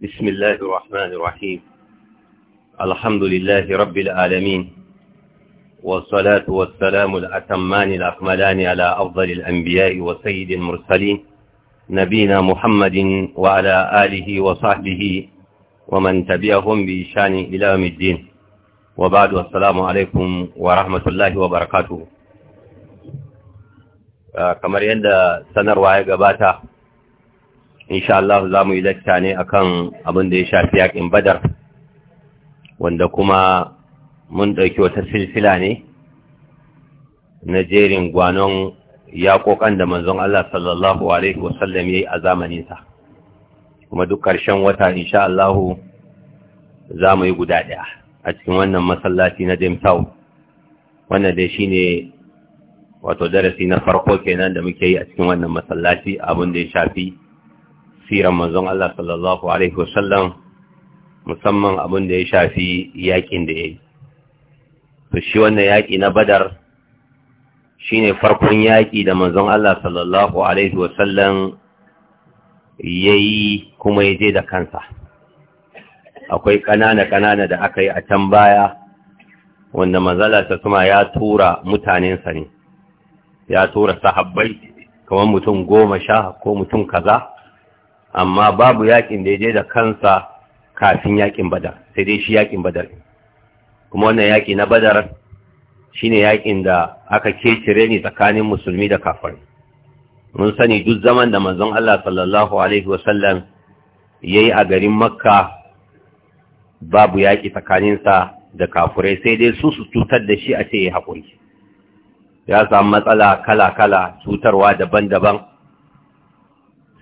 بسم الله الرحمن الرحيم الحمد لله رب العالمين والصلاة والسلام الأتمان الأكملان على أفضل الأنبياء وسيد المرسلين نبينا محمد وعلى آله وصحبه ومن تبعهم بإشان إلى يوم الدين وبعد والسلام عليكم ورحمة الله وبركاته آه، كما yadda سنر ya insha Allah za mu yi lakta ne akan abin da ya shafi yakin badar wanda kuma mun ɗauki wata silsila ne na jerin gwanon yaƙoƙan da manzon Allah sallallahu Alaihi wasallam ya yi a zamaninsa kuma duk ƙarshen wata insha Allah za mu yi guda ɗaya a cikin wannan masallaci na Demtau wannan dai shi ne wato darasi na farko kenan da muke yi a cikin wannan masallaci abin da ya shafi siran manzon Allah sallallahu alaihi wasallam musamman abin da ya shafi yakin da ya yi to shi wannan yaƙi na badar shine farkon yaƙi da manzon Allah sallallahu alaihi wasallam yayi kuma ya je da kansa akwai ƙanana-ƙanana da aka yi a can baya wanda manzala ta kuma ya tura mutanensa ne ya tura sahabbai kamar mutum goma sha ko mutum kaza amma babu yakin da ya je da kansa kafin yakin badar sai dai shi yakin badar kuma wannan yaki na badar shine yakin da aka kecire ni tsakanin musulmi da kafir mun sani duk zaman da manzon Allah sallallahu alaihi wasallam yayi a garin makka babu yaki tsakaninsa da kafurai sai dai su su cutar da shi a ce ya haƙuri ya samu matsala kala-kala cutarwa daban-daban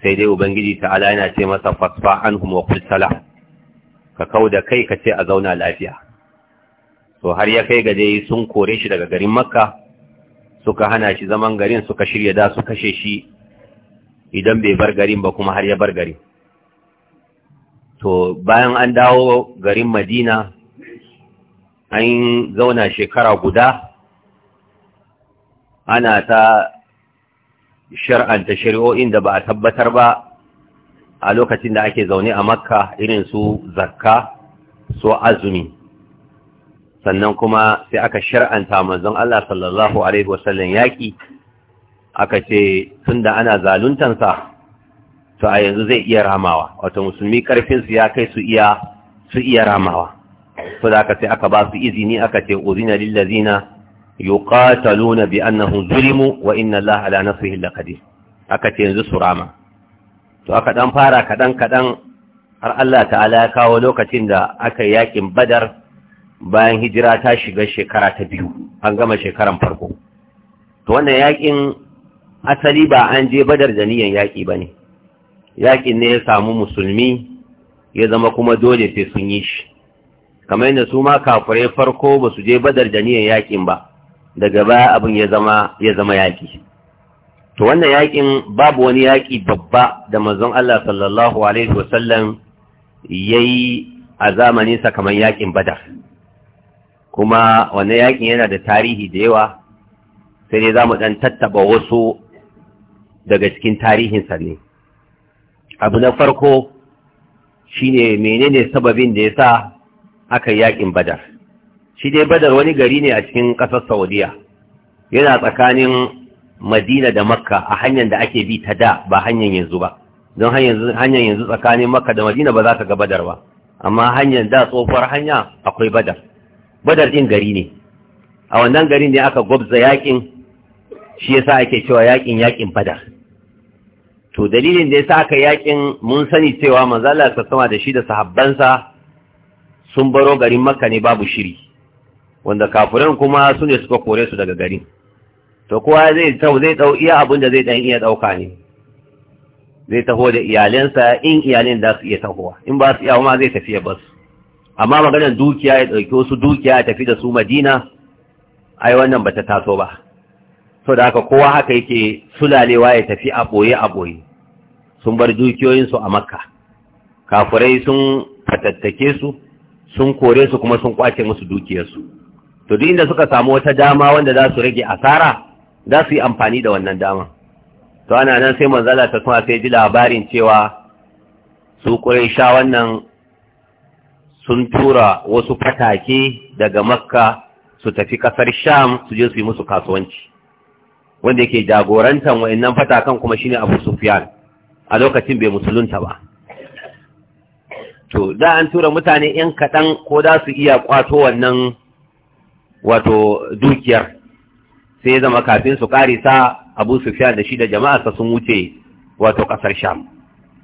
sai dai ubangiji ta'ala yana ce masa fasfa an kuma qul salam ka da kai ka ce a zauna lafiya to har ya kai gaje sun kore shi daga garin makka suka hana shi zaman garin suka shirya da su kashe shi idan bai bar garin ba kuma har ya bar garin to bayan an dawo garin madina an zauna shekara guda ana ta shar'anta shari'o'in da ba a tabbatar ba a lokacin da ake zaune a makka irin su zakka su azumi sannan kuma sai aka shar'anta manzon Allah sallallahu alaihi wasallam yaki aka ce tunda ana zaluntansa to a yanzu zai iya ramawa wato musulmi karfin su ya kai su iya su iya ramawa to da aka sai aka ba su izini aka ce uzina lillazina yuqataluna bi annahum zulimu wa inna Allah ala nasrihi laqadir aka ce yanzu surama to aka dan fara kadan kadan har Allah ta'ala ya kawo lokacin da aka yakin Badar bayan hijira ta shiga shekara ta biyu an gama shekaran farko to wannan yakin asali ba an je Badar da niyan yaki bane yakin ne ya samu musulmi ya zama kuma dole sai sun yi shi kamar yadda su ma kafirai farko ba su je Badar da niyan yakin ba daga baya abin ya zama yaƙi to wannan yaƙin babu wani yaƙi babba da manzon Allah sallallahu alaihi wasallam yayi a zamanin sa kamar yaƙin Badar kuma wannan yaƙin yana da tarihi da yawa sai dai zamu ɗan tattaba wasu daga cikin tarihinsa ne abu na farko shine menene sababin da ya sa aka yaƙin Badar shi dai badar wani gari ne a cikin ƙasar saudiya yana tsakanin madina da makka a hanyar da ake bi ta da ba hanyar yanzu ba don hanyar yanzu tsakanin makka da madina ba za ka ga badar ba amma hanyar da tsohuwar hanya akwai badar badar ɗin gari ne a wannan gari ne aka gwabza yakin shi yasa ake cewa yakin yakin badar to dalilin da yasa aka yakin mun sani cewa manzala ta da shi da sahabbansa sun baro garin makka ne babu shiri wanda kafiran kuma su ne suka kore su daga gari to kowa zai tau zai dau iya abin da zai dan iya dauka ne zai taho da iyalensa in iyalen da su iya tahowa in ba su iya kuma zai tafi ya bas amma maganar dukiya ya dauki wasu dukiya ya tafi da su Madina ai wannan bata taso ba to da haka kowa haka yake sulalewa ya tafi a boye a boye sun bar dukiyoyinsu a Makka kafurai sun fatattake su sun kore su kuma sun kwace musu dukiyarsu to duk inda suka samu wata dama wanda za su rage asara za su yi amfani da wannan dama to ana nan sai manzala ta kuma sai ji labarin cewa su sha wannan sun tura wasu fatake daga makka su tafi kasar sham su je su yi musu kasuwanci wanda yake jagorantar wa'annan fatakan kuma shine abu sufyan a lokacin bai musulunta ba to da an tura mutane 'yan kaɗan ko za su iya kwato wannan wato dukiyar sai ya zama kafin su karisa abu sufiyan da shi da jama'arsa sun wuce wato kasar sham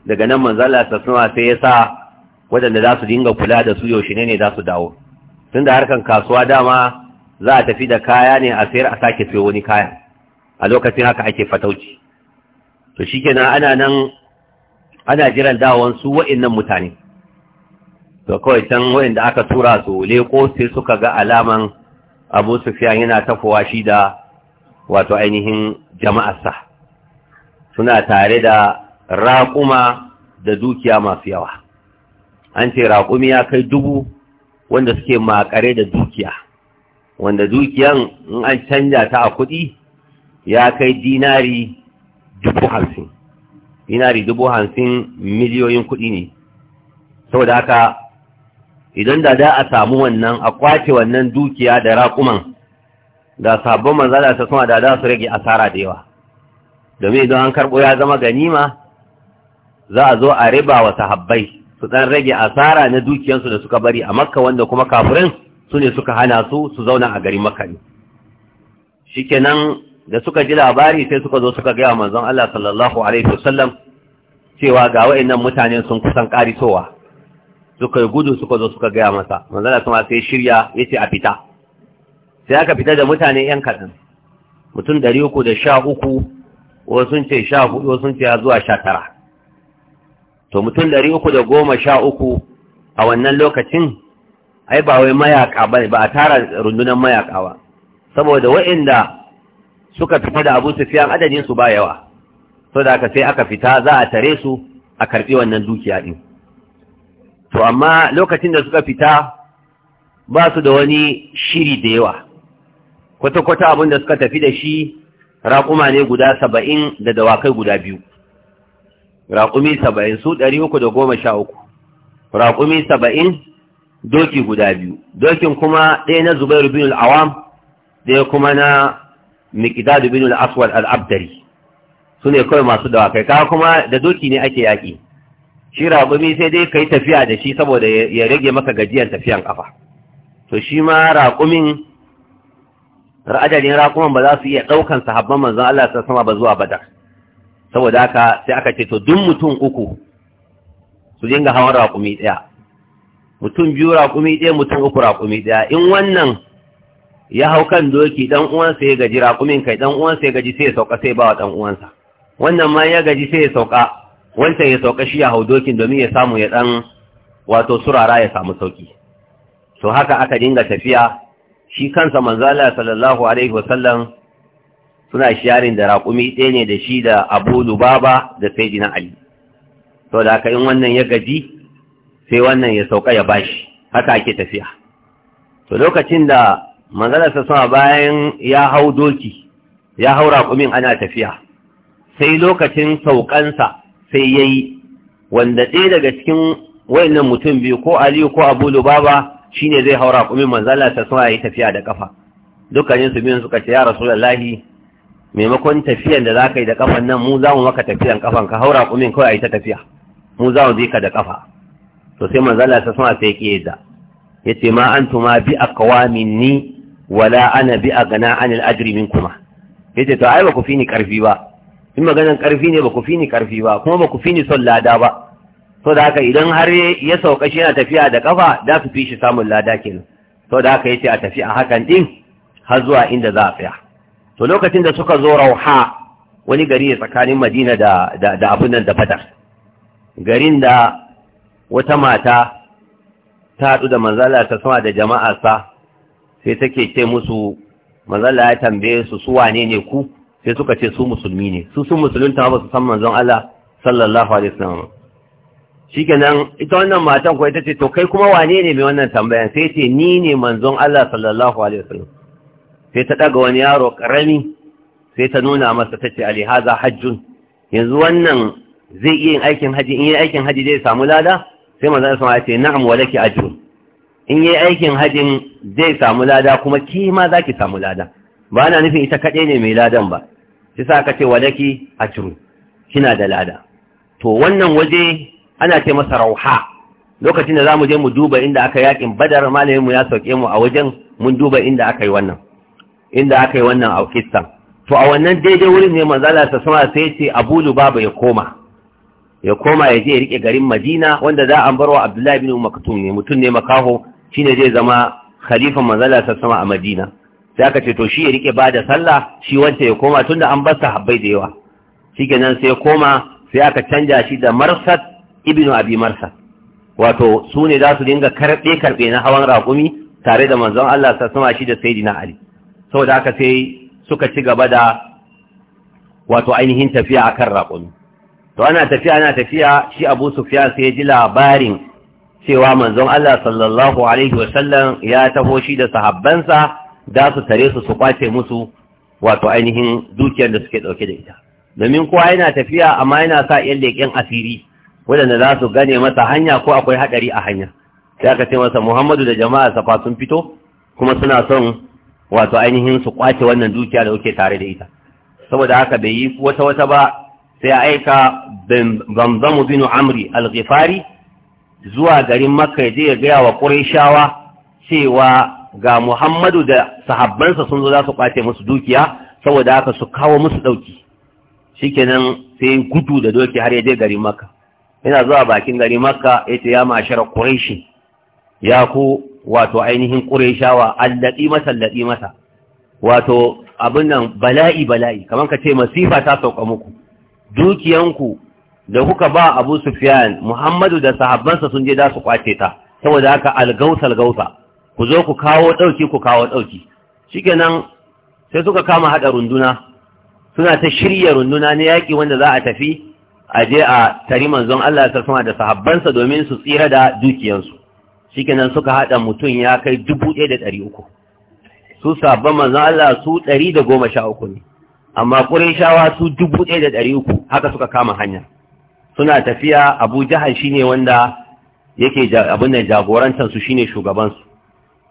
daga nan manzala suna sai ya sa waɗanda za su dinga kula da su yaushe ne za su dawo tun da harkan kasuwa dama za a tafi da kaya ne a sayar a sake sayo wani kaya a lokacin haka ake fatauci to shikenan ana nan ana jiran dawon su wa'annan mutane to kawai can wa'anda aka tura su leko sai suka ga alaman abu sufiyan yana tafowa shi da wato ainihin jama'arsa suna tare da raƙuma da dukiya masu yawa an ce raƙumi ya kai dubu wanda suke makare da dukiya wanda dukiyan in an canja ta a kuɗi ya kai dinari dubu hamsin dinari dubu hamsin miliyoyin kuɗi ne saboda haka idan da da a samu wannan a kwace wannan dukiya da raƙuman da sabon manzala ta suna da za su rage asara da yawa domin idan an karɓo ya zama ganima za a zo a riba wa sahabbai su ɗan rage asara na dukiyansu da suka bari a makka wanda kuma kafirin su ne suka hana su su zauna a gari makka ne shikenan da suka ji labari sai suka zo suka gaya manzon Allah sallallahu alaihi wasallam cewa ga wa'annan mutane sun kusan karitowa suka yi gudu suka zo suka gaya masa manzala kuma sai shirya ya ce a fita sai aka fita da mutane yan kaɗan mutum ɗari uku da sha uku wasu ce sha hudu wasu ce ya zuwa sha tara to mutum ɗari uku da goma sha uku a wannan lokacin ai ba wai mayaka ba ba a tara rundunar mayaka ba saboda wa'inda suka fita da abu fiyan adadin su ba yawa so da aka sai aka fita za a tare su a karɓi wannan dukiya ɗin to amma lokacin da suka fita ba su da wani shiri da yawa kwata-kwata abin da suka tafi da shi raƙuma ne guda saba'in da dawakai guda biyu raƙumi saba'in su ɗari uku da goma sha uku raƙumi saba'in doki guda biyu dokin kuma ɗaya na zubairu bin al'awam ɗaya kuma na mikidadu bin al'aswal al'abdari su ne kawai masu dawakai kawo kuma da doki ne ake yaƙi shi raƙumi sai dai ka tafiya da shi saboda ya rage maka gajiyar tafiyan ƙafa to shi ma raƙumin ra'adarin raƙuman ba za su iya ɗaukan sahabban manzan Allah ta sama ba zuwa badar saboda haka sai aka ce to duk mutum uku su dinga hawan raƙumi ɗaya mutum biyu raƙumi ɗaya mutum uku raƙumi ɗaya in wannan ya hau kan doki ɗan uwansa ya gaji raƙumin kai ɗan uwansa ya gaji sai ya sauka sai ba wa ɗan uwansa wannan ma ya gaji sai ya sauka wancan ya sauka shi a hau dokin domin ya samu ya ɗan wato surara ya samu sauki to haka aka dinga tafiya shi kansa manzala sallallahu alaihi wasallam suna shiyarin da raƙumi ɗaya ne da shi da abu lubaba da sai ali to da haka in wannan ya gaji sai wannan ya sauka ya bashi haka ake tafiya to lokacin da manzala sassama bayan ya hau doki ya hau raƙumin ana tafiya sai lokacin saukansa sai ya yi wanda ɗaya daga cikin wayannan mutum biyu ko aliyu ko abu lubaba shi ne zai haura kumin manzala ta suna yi tafiya da kafa dukkanin su biyun suka ce ya lahi. maimakon tafiyan da za ka yi da kafan nan mu za mu maka tafiyan ƙafan ka haura kumin kawai a yi ta tafiya mu za mu je ka da kafa to sai manzala ta suna sai ke da ya ce ma an tuma bi a kawamin ni wala ana bi a gana anil ajiri min kuma ya ce to ai ba ku fi ni karfi ba in maganan ƙarfi ne ba ku fi ni ƙarfi ba kuma ba ku fi ni son lada ba to da haka idan har ya sauka shi yana tafiya da kafa da su fi shi samun lada kenan to da haka yace a tafi a hakan din har zuwa inda za a tsaya to lokacin da suka zo rauha wani gari ne tsakanin madina da da abin nan da fatar garin da wata mata ta haɗu da manzala ta sama da jama'a sa sai take ce musu manzala ya tambaye su su wane ne ku sai suka ce su musulmi ne su sun ta ba su san manzon Allah sallallahu alaihi wasallam shikenan ita wannan matan ko ita ce to kai kuma wane ne mai wannan tambayan sai ce ni ne manzon Allah sallallahu alaihi wasallam sai ta daga wani yaro karami sai ta nuna masa tace ali haza hajjun yanzu wannan zai iya yin aikin haji in yi aikin haji zai samu lada sai manzon Allah ya ce na'am walaki ajrun in yi aikin hajin zai samu lada kuma ke ma zaki samu lada ba na nufin ita kaɗai ne mai ladan ba shi sa ka ce walaki a ciru kina da lada to wannan waje ana ce masa rauha lokacin da za mu je mu duba inda aka yaƙin badar malaminmu ya sauke mu a wajen mun duba inda aka yi wannan inda aka yi wannan a kistan to a wannan daidai wurin ne manzala ta sama sai ce abu lubaba ya koma ya koma ya je ya rike garin madina wanda za a wa abdullahi bin maktum ne mutum ne makaho shine zai zama khalifan manzala ta sama a madina sai aka ce to shi ya rike ba da sallah shi wanda ya koma tunda an bar sahabbai da yawa nan sai ya koma sai aka canja shi da marsad ibnu abi marsad wato su ne za su dinga karbe karɓe na hawan raƙumi tare da manzon Allah ta sama shi da sayyidina ali saboda haka sai suka ci gaba da wato ainihin tafiya akan raƙumi to ana tafiya ana tafiya shi Abu Sufyan sai ya ji labarin cewa manzon Allah sallallahu alaihi wasallam ya taho shi da sahabbansa za su tare su su kwace musu wato ainihin dukiyar da suke dauke da ita domin kowa yana tafiya amma yana sa yan leƙen asiri waɗanda za su gane masa hanya ko akwai haɗari a hanya sai aka ce masa muhammadu da jama'a safa sun fito kuma suna son wato ainihin su kwace wannan dukiya da kuke tare da ita saboda haka bai yi wata wata ba sai a aika Bambamu bin amri al-ghifari zuwa garin makka ya je ya gaya wa qurayshawa cewa ga Muhammadu da sahabbansa sun zo za su kwace musu dukiya saboda haka su kawo musu dauki shikenan sai gudu da doki har ya je gari Makka yana zuwa bakin gari Makka yace ya mashar Quraishi ya ku wato ainihin Qurayshawa alladi masa alladi masa wato abin nan bala'i bala'i kamar ka ce masifa ta sauka muku dukiyanku da kuka ba Abu Sufyan Muhammadu da sahabbansa sun je za su kwace ta saboda haka algausa algausa ku zo ku kawo ɗauki ku kawo ɗauki kenan sai suka kama haɗa runduna suna ta shirya runduna na yaƙi wanda za a tafi a je a tari manzon Allah ya sama da sahabbansa domin su tsira da dukiyansu. dukiyarsu kenan suka haɗa mutum ya kai dubu ɗaya da ɗari uku su sahabban manzon Allah su ɗari da goma sha uku ne amma shawa su dubu ɗaya da ɗari uku haka suka kama hanya suna tafiya abu shine wanda yake abin da jagorantar shine shugabansu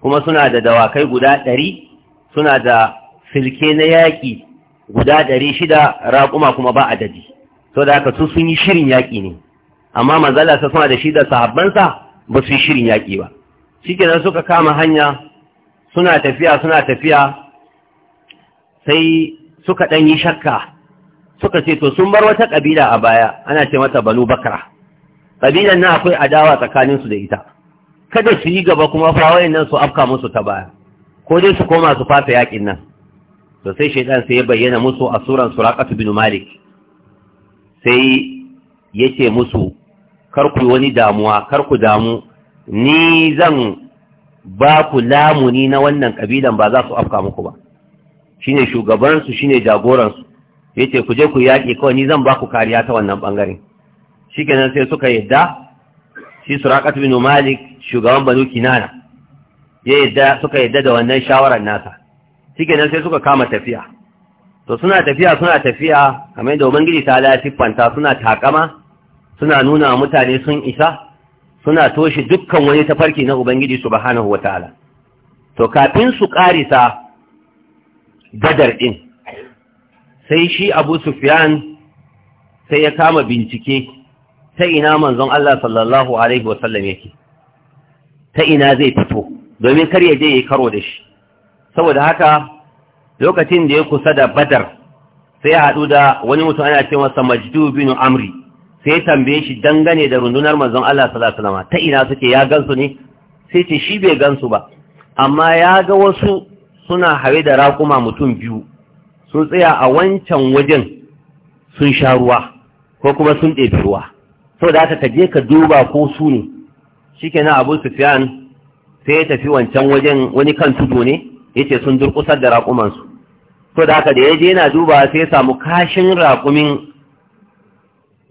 kuma suna da dawakai guda ɗari suna da filke na yaƙi guda ɗari shida raƙuma kuma ba adadi sau da haka su sun yi shirin yaƙi ne amma manzala sa suna da shi da sahabbansa ba su yi shirin yaƙi ba shi suka kama hanya suna tafiya suna tafiya sai suka ɗan yi shakka suka ce to sun bar wata ƙabila a baya ana ce mata banu bakara ƙabilan nan akwai adawa tsakaninsu da ita kada su yi gaba kuma fa nan su afka musu ta baya ko dai su koma su fasa yakin nan to sai shaidan sai ya bayyana musu a suran suraqat bin malik sai yace musu kar ku wani damuwa kar ku damu ni zan ba ku lamuni na wannan kabilan ba za su afka muku ba shine shugabansu shine jagoransu yace ku je ku yaƙi kawai ni zan ba ku kariya ta wannan shi shikenan sai suka yadda shi suraƙatu bin malik shugaban banu kinana ya yadda suka yadda da wannan shawarar nasa Cikin nan sai suka kama tafiya to suna tafiya suna tafiya kamar da ubangiji ta ala siffanta suna takama suna nuna mutane sun isa suna toshe dukkan wani tafarki na ubangiji subhanahu ta'ala to kafin su karisa badar din sai shi abu sufyan sai ya kama bincike ta ina manzon Allah sallallahu alaihi wasallam yake ta ina zai fito domin kar ya je ya karo da shi saboda haka lokacin da ya kusa da badar sai ya haɗu da wani mutum ana ce masa majdu bin amri sai tambaye shi dangane da rundunar manzon Allah sallallahu alaihi wasallam ta ina suke ya gansu ne sai ce shi bai gansu ba amma ya ga wasu suna hawe da raƙuma mutum biyu sun tsaya a wancan wajen sun sha ruwa ko kuma sun ɗebi ruwa so da aka kaje ka duba ko su ne nan Abu sufiyan sai ya tafi wancan wajen wani kan tudu ne ya ce sun durkusar da raƙumansu. su da aka da ya je yana duba sai ya samu kashin raƙumin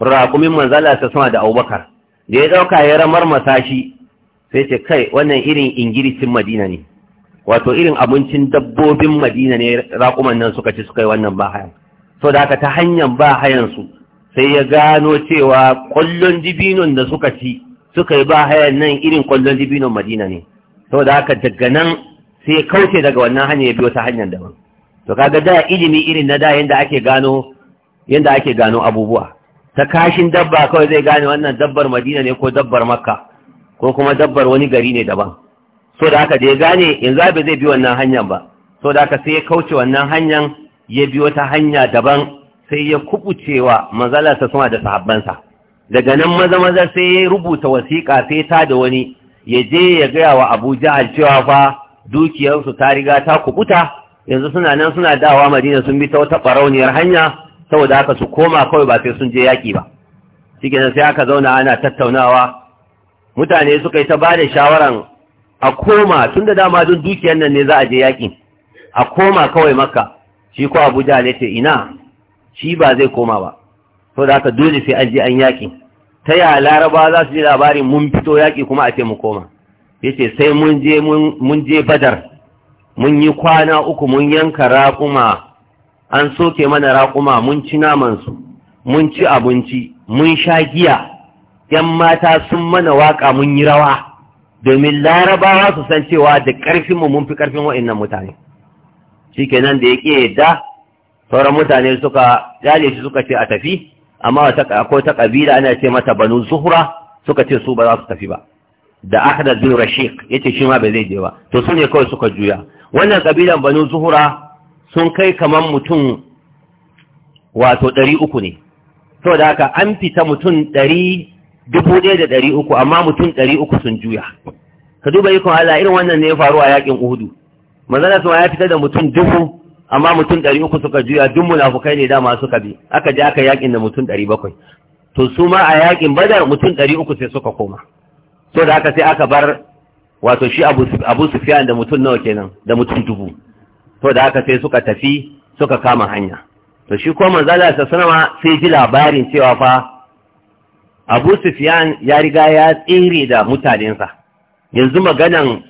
raƙumin manzala ta sama da Abubakar da ya ɗauka ya ramar masashi sai ce kai wannan irin ingilisin Madina ne wato irin abincin dabbobin Madina ne raƙuman nan suka ci suka yi wannan ba hayan so da aka ta hanyar ba hayan su sai ya gano cewa kwallon dibinon da suka ci suka yi ba hayan nan irin kwallon dibinon madina ne Sau da haka daga nan sai ya kauce daga wannan hanyar ya biyo ta hanyar daban to kaga da ilimi irin na da yanda ake gano yanda ake gano abubuwa ta kashin dabba kawai zai gane wannan dabbar madina ne ko dabbar makka ko kuma dabbar wani gari ne daban Sau da haka da ya gane yanzu ba zai bi wannan hanyar ba Sau da haka sai ya kauce wannan hanyar ya biyo ta hanya daban sai ya kubucewa mazalarsa suna da sahabbansa daga nan maza maza sai ya rubuta wasiƙa sai ta da wani ya je ya gaya wa Abu Jahal cewa fa dukiyarsu ta riga ta kubuta yanzu suna nan suna dawa Madina sun bi ta wata barauniyar hanya saboda haka su koma kawai ba sai sun je yaƙi ba shikenan sai aka zauna ana tattaunawa mutane suka yi ta ba da shawaran a koma tun da dama don dukiyar nan ne za a je yaƙi a koma kawai makka shi ko abuja ne ce ina shi ba zai koma ba so da haka dole sai an je an yaƙi ta ya laraba za su ji labarin mun fito yaƙi kuma a ce mu koma Ya ce sai mun je badar mun yi kwana uku mun yanka raƙuma an soke mana raƙuma mun ci namansu mun ci abinci mun sha giya ‘yan mata sun mana waƙa mun yi rawa domin larabawa su san cewa da ƙarfinmu mun fi ƙarfin wa'in mutane shi kenan da ya ƙi yadda sauran mutane suka yale shi suka ce a tafi amma akwai ta kabila ana ce mata banu zuhra suka ce su ba za su tafi ba da ahmad bin rashiq yace shi ma ba zai je ba to su ne kawai suka juya wannan kabilan banu zuhra sun kai kaman mutum wato ɗari uku ne da haka an fita mutum ɗari dubu ɗaya da ɗari uku amma mutum ɗari uku sun juya ka duba ikon Allah irin wannan ne ya faru a yakin Uhudu manzala sun ya fitar da mutum dubu amma mutum ɗari uku suka juya duk munafukai ne dama suka bi aka je aka yakin da mutum ɗari bakwai to su ma a yakin badar mutum ɗari uku sai suka koma so da aka sai aka bar wato shi abu sufiyan da mutum nawa kenan da mutum dubu to da aka sai suka tafi suka kama hanya to shi ko manzala ta sanama sai ji labarin cewa fa abu sufiyan ya riga ya tsere da mutanensa yanzu maganan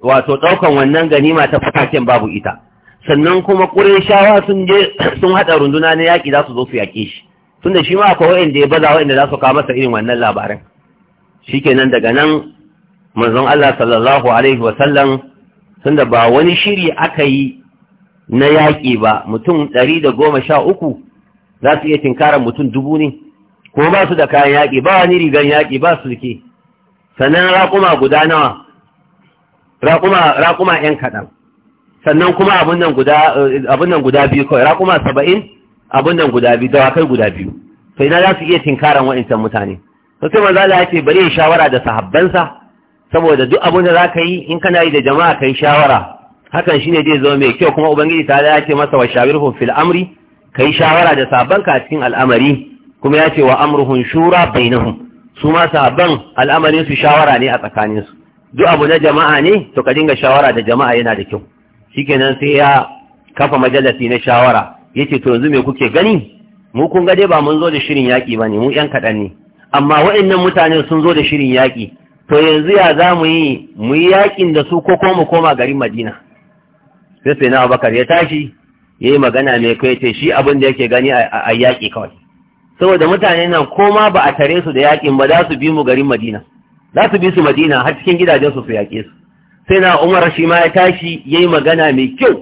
wato ɗaukan wannan ganima ta fakakin babu ita sannan kuma shawa sun je sun haɗa runduna na yaƙi za su zo su yaƙi shi tunda shi ma akwai wa'inda ya baza wa'inda za su kawo masa irin wannan labarin shikenan daga nan manzon Allah sallallahu alaihi sallam tunda ba wani shiri aka yi na yaƙi ba mutum ɗari da goma sha uku za su iya tinkara mutum dubu ne kuma ba su da kayan yaƙi ba wani rigan yaƙi ba su ke sannan raƙuma guda nawa raƙuma ƴan kaɗan sannan kuma abin nan guda biyu kawai raƙuma saba'in abin nan guda biyu dawakai guda biyu to ina za su iya tinkaran wa'incan mutane to sai manzo Allah ya bari shawara da sahabbansa saboda duk abin da za ka yi in kana yi da jama'a ka shawara hakan shine zai zama mai kyau kuma ubangiji ta ya ce masa wa shawirhum fil amri ka yi shawara da sahabbanka a cikin al'amari kuma ya ce wa amruhun shura bainahum su ma sahabban al'amarin su shawara ne a tsakaninsu duk abu na jama'a ne to ka dinga shawara da jama'a yana da kyau shikenan sai ya kafa majalasi na shawara yace to yanzu me kuke gani mu kun ga dai ba mun zo da shirin yaki bane mu yan kadan ne amma waɗannan mutane sun zo da shirin yaki to yanzu ya za mu yi mu yi yakin da su ko mu koma garin Madina sai sai na Abubakar ya tashi yayi magana mai kai ce shi abin da yake gani a yaki kawai saboda mutane nan koma ba a tare su da yakin ba za su bi mu garin Madina za su bi su Madina har cikin gidajen su su yake su sai na umar shi ma ya tashi ya yi magana mai kyau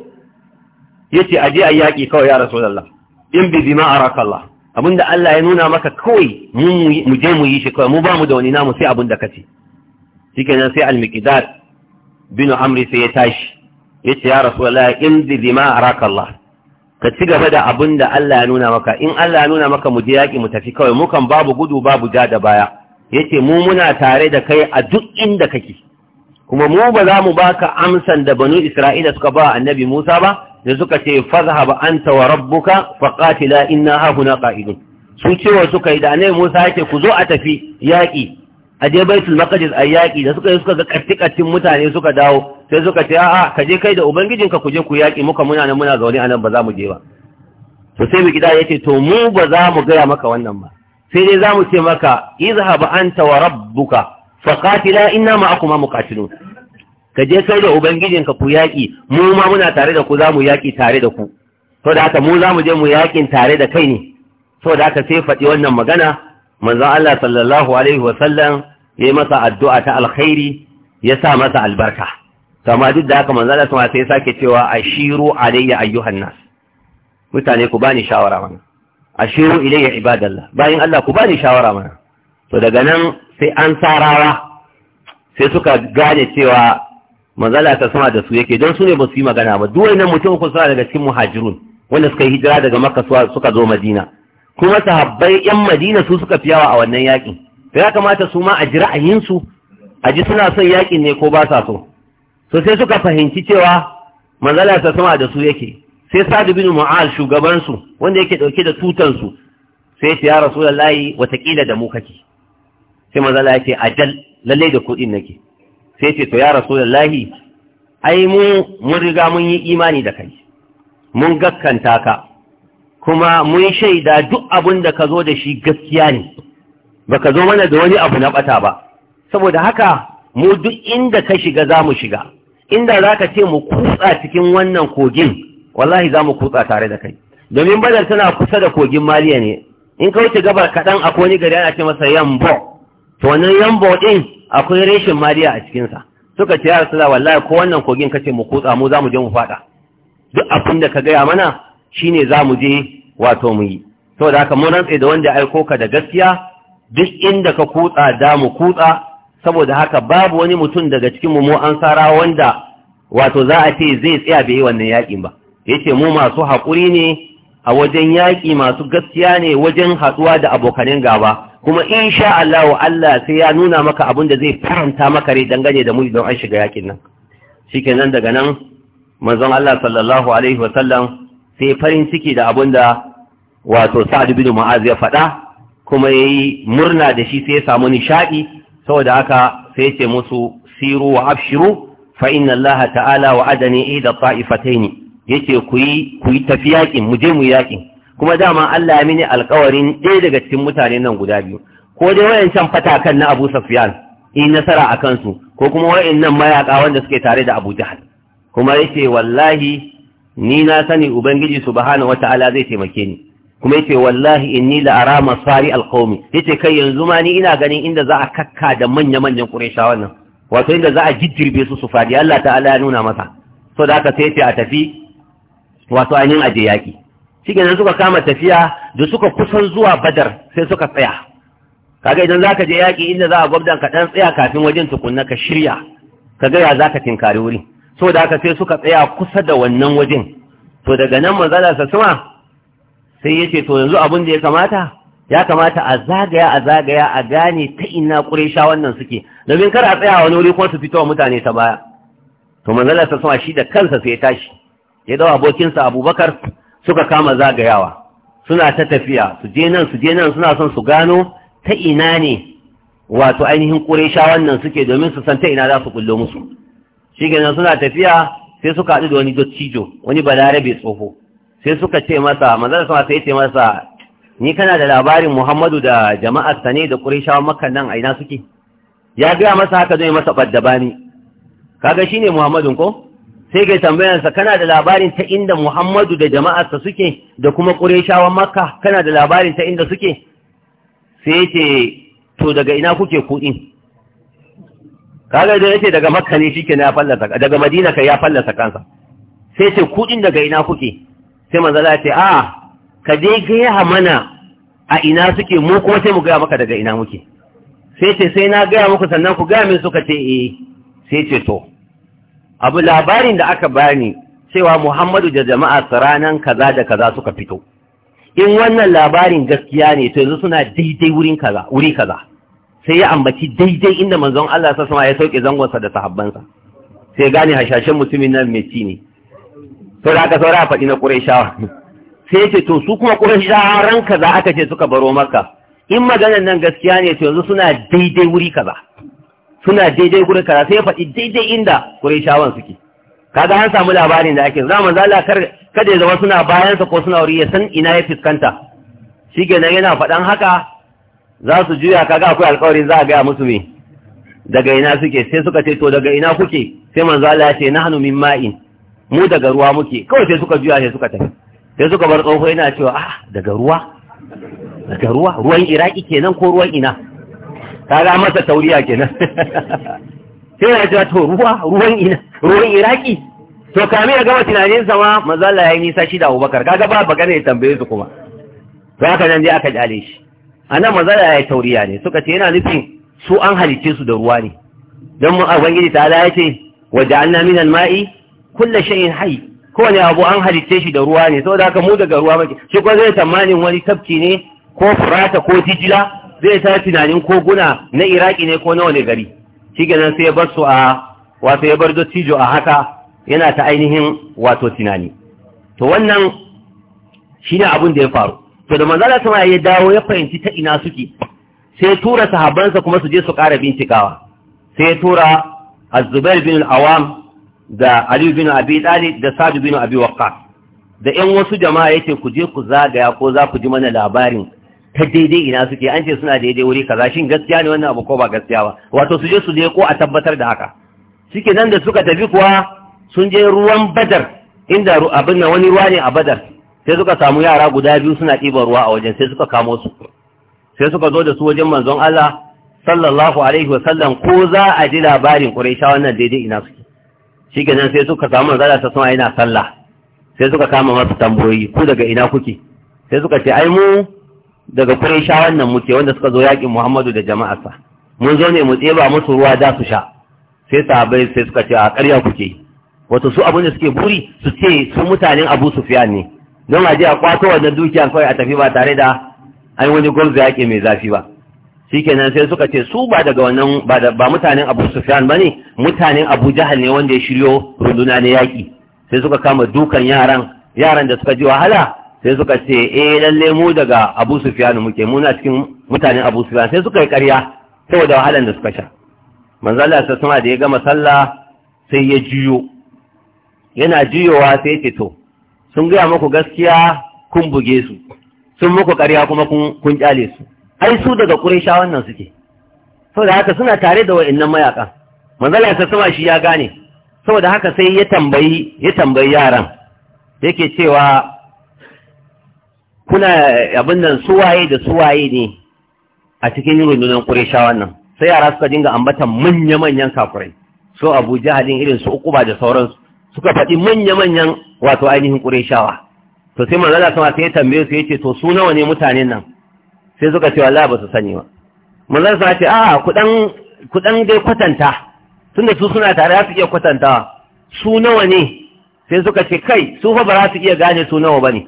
ya ce aje a yaƙi kawai ya rasu Allah in bi zima a rakallah abinda Allah ya nuna maka kawai mu je mu yi shi kawai mu ba mu da wani namu sai abin da ka ce shi kenan sai almiqdad bin amri sai ya tashi ya ce ya rasu Allah in bi zima a rakallah ka ci gaba da abin Allah ya nuna maka in Allah ya nuna maka mu je yaƙi mu tafi kawai mu kan babu gudu babu ja da baya Ya ce mu muna tare da kai a duk inda kake kuma mu ba za mu baka amsan da banu isra'ila suka ba annabi musa ba da suka ce fazhab anta wa rabbuka faƙatila inna hahuna ƙa'idun? su cewa suka yi da annabi musa yake ku zo a tafi yaƙi a je baitul maqdis a yaƙi da suka yi suka ga kattikattin mutane suka dawo sai suka ce a'a ka je kai da ubangijinka ku je ku yaƙi muka muna nan muna zaune a nan ba za mu je ba to sai mu gida yace to mu ba za mu gaya maka wannan ba sai dai za mu ce maka izhab anta wa rabbuka faqatila inna ma'akuma muqatilun ka je kai da ubangijinka ku yaƙi. mu ma muna tare da ku za mu yaƙi tare da ku to da haka mu za mu je mu yaƙin tare da kai ne to da haka sai faɗi wannan magana manzon Allah sallallahu alaihi wa sallam ya yi masa addu'a ta alkhairi ya sa masa albarka kama duk da haka manzon Allah sallallahu sai sake cewa ashiru alayya ayyuhan nas mutane ku bani shawara mana ashiru ilayya ibadallah bayin Allah ku bani shawara mana to daga nan sai an sarawa sai suka gane cewa manzala ta sama da su yake don su ne ba su yi magana ba Duwai nan, mutum kun suna daga cikin muhajirun wanda suka yi hijira daga makka suka zo madina kuma sahabbai yan madina su suka fiyawa a wannan yakin ya kamata su ma a ji ra'ayinsu a ji suna son yakin ne ko ba sa so so sai suka fahimci cewa manzala ta sama da su yake sai sadu bin mu'al su, wanda yake dauke da tutan su sai ya rasu da layi watakila da mu kake sai maza Allah ya ce ajal lalle da kuɗi nake sai ce to ya rasulullahi ai mu mun riga mun yi imani da kai mun gaskanta ka kuma mun shaida duk abin da ka zo da shi gaskiya ne baka zo mana da wani abu na bata ba saboda haka mu duk inda ka shiga za mu shiga inda za ka ce mu kutsa cikin wannan kogin wallahi za mu kutsa tare da kai domin badar tana kusa da kogin maliya ne in ka wuce gabar kaɗan a wani gari ana ce masa yambo to wannan yambo din akwai reshin mariya a cikinsa suka ce ya rasula wallahi ko wannan kogin kace mu kutsa mu zamu je mu faɗa. duk abin da ka gaya mana shine za mu je wato mu yi da haka mun rantse da wanda aiko ka da gaskiya duk inda ka kutsa da mu kutsa saboda haka babu wani mutum daga cikin mu mu an sara wanda wato za a ce zai tsaya bai yi wannan yakin ba yace mu masu hakuri ne a wajen yaƙi masu gaskiya ne wajen haɗuwa da abokanin gaba kuma in sha Allah wa Allah sai ya nuna maka abin da zai faranta maka rai dangane da mu don an shiga yaƙin nan nan daga nan manzon Allah sallallahu alaihi wasallam sai farin ciki da abin da wato Sa'ad bin Mu'az ya faɗa kuma yayi murna da shi sai ya samu nishaɗi saboda haka sai ya ce musu siru wa abshiru fa inna Allah ta'ala wa'adani ida ta'ifataini yace ku yi ku yi tafi yakin mu je mu yakin kuma dama Allah ya mini alƙawarin ɗaya daga cikin mutane nan guda biyu ko dai wayancan fatakan na Abu Sufyan in nasara a kansu ko kuma wayannan mayaka wanda suke tare da Abu Jahal kuma yace wallahi ni na sani ubangiji subhanahu wataala zai taimake ni kuma yace wallahi inni la ara masari alqawmi yace kai yanzu ma ni ina ganin inda za a kakka da manya-manyan Qurayshawa wannan, wato inda za a jijjirbe su su fadi Allah ta'ala ya nuna masa so da aka sai yace a tafi wato ainihin aje yaƙi shi kenan suka kama tafiya da suka kusan zuwa badar sai suka tsaya kaga idan zaka je yaƙi inda za a gwabdan ka ɗan tsaya kafin wajen tukunna ka shirya ka ga ya zaka tinkari wuri so da haka sai suka tsaya kusa da wannan wajen to daga nan manzala sa suma sai yace to yanzu abin da ya kamata ya kamata a zagaya a zagaya a gane ta ina sha wannan suke domin kar a tsaya wani wuri kuma su fito wa mutane ta baya to manzala suma shi da kansa sai ya tashi ya dawa abokinsa abubakar suka kama zagayawa suna ta tafiya su je nan su je nan suna son su gano ta ina ne wato ainihin ƙuresha wannan suke domin su san ta ina za su kullo musu shi kenan suna tafiya sai suka haɗu da wani dottijo wani balarabe tsoho sai suka ce masa manzara sama sai ce masa ni kana da labarin muhammadu da jama'arsa ne da ƙureshawan makan nan a ina suke ya gaya masa haka zai masa ɓadda bani kaga ne muhammadun ko sai ga tambayansa kana da labarin ta inda Muhammadu da jama'arsa suke da kuma Qurayshawan Makka kana da labarin ta inda suke sai yace to daga ina kuke kudin kaga da yace daga Makka ne shikenan ya fallasa daga Madina kai ya fallasa kansa sai yace kudin daga ina kuke sai manzo Allah ya ce a ka je gaya mana a ina suke mu kuma sai mu gaya maka daga ina muke sai ce sai na gaya muku sannan ku gaya min suka ce eh sai ce to abu labarin da aka bani cewa Muhammadu da jama'a ranan kaza da kaza suka fito in wannan labarin gaskiya ne to yanzu suna daidai wurin kaza wuri kaza sai ya ambaci daidai inda manzon Allah sa sama ya sauke zangonsa da sahabbansa sai gane hashashen mutumin nan mai ci ne to da aka saura a faɗi na Qurayshawa sai ce to su kuma Qurayshawa ran kaza aka ce suka baro Makka in maganar nan gaskiya ne to yanzu suna daidai wuri kaza suna daidai gurin kaza sai ya faɗi daidai inda Qurayshawan suke kaga an samu labarin da ake zama zala kar kada ya zama suna bayan sa ko suna wuri ya san ina ya fuskanta Shi shikenan yana faɗan haka za su juya kaga akwai alƙawarin za a ga musu me daga ina suke sai suka ce to daga ina kuke sai manzo Allah ya ce nahnu min ma'in mu daga ruwa muke kawai sai suka juya sai suka tafi sai suka bar tsoho yana cewa ah daga daga ruwa ruwan Iraki kenan ko ruwan ina kaga masa tauriya kenan sai na cewa to ruwa ruwan ina ruwan iraki to kame ya gama tunanin sama manzo Allah ya yi nisa shi da Abubakar kaga ba ba gane tambaye su kuma to haka nan dai aka kyale shi anan manzo Allah ya yi tauriya ne suka ce yana nufin su an halicce su da ruwa ne don mu ubangiji ta ya ce wa ja'alna min al-ma'i kullu shay'in hayy kowane abu an halicce shi da ruwa ne saboda haka mu daga ruwa muke shi ko zai tamanin wani tafki ne ko furata ko jijila? zai ta tunanin koguna na iraki ne ko na wani gari shi kenan sai ya bar su a wato ya bar dottijo a haka yana ta ainihin wato tunani to wannan shi ne abin da ya faru to da manzala sama ya dawo ya fahimci ta ina suke sai tura sahabbansa kuma su je su ƙara bincikawa sai ya tura azubair bin awam da ali bin abi dali da Sadu bin abi waqqas da ƴan wasu jama'a yake ku je ku zagaya ko za ku ji mana labarin ta daidai ina suke an ce suna daidai wuri kaza shin gaskiya ne wannan abu ko ba gaskiya ba wato su je su je ko a tabbatar da haka shike nan da suka tafi kuwa sun je ruwan badar inda abin nan wani ruwa ne a badar sai suka samu yara guda biyu suna ɗiban ruwa a wajen sai suka kamo su sai suka zo da su wajen manzon Allah sallallahu alaihi wasallam ko za a ji labarin Quraysha wannan daidai ina suke shike nan sai suka samu manzon Allah sallallahu alaihi yana sallah sai suka kama masa tambayoyi ku daga ina kuke sai suka ce ai mu daga sha wannan muke wanda suka zo yakin Muhammadu da jama'arsa mun zo ne mu tseba musu ruwa da su sha sai sahabbai sai suka ce a ƙarya kuke wato su abin da suke buri su ce su mutanen Abu Sufyan ne don a je a kwato wannan dukiya kawai a tafi ba tare da an wani gurbi yaƙi mai zafi ba shikenan sai suka ce su ba daga wannan ba mutanen Abu Sufyan bane mutanen Abu Jahal ne wanda ya shiryo runduna ne yaƙi sai suka kama dukan yaran yaran da suka ji wahala sai suka ce eh lalle mu daga Abu Sufyan muke muna cikin mutanen Abu Sufyan sai suka yi ƙarya saboda wahalan da suka sha manzo Allah sai sama da ya gama sallah sai ya juyo yana juyowa sai ce to sun gaya muku gaskiya kun buge su sun muku ƙarya kuma kun kyale su ai su daga Quraysha wannan suke saboda haka suna tare da wa'annan mayaka manzo Allah sai sama shi ya gane saboda haka sai ya tambayi ya tambayi yaran yake cewa kuna abin nan suwaye da suwaye ne a cikin rundunar ƙureshawan nan sai yara suka dinga ambatan manya-manyan kafirai so abu jihadin irin su uku ba da sauransu suka faɗi manya-manyan wato ainihin ƙureshawa to sai manzala sama sai ya tambaye su ce to su nawa ne mutanen nan sai suka ce wallahi ba su sani ba manzala sama ce a'a kudan kudan dai kwatanta tunda su suna tare za su iya kwatantawa su nawa ne sai suka ce kai su fa ba za su iya gane su nawa ne?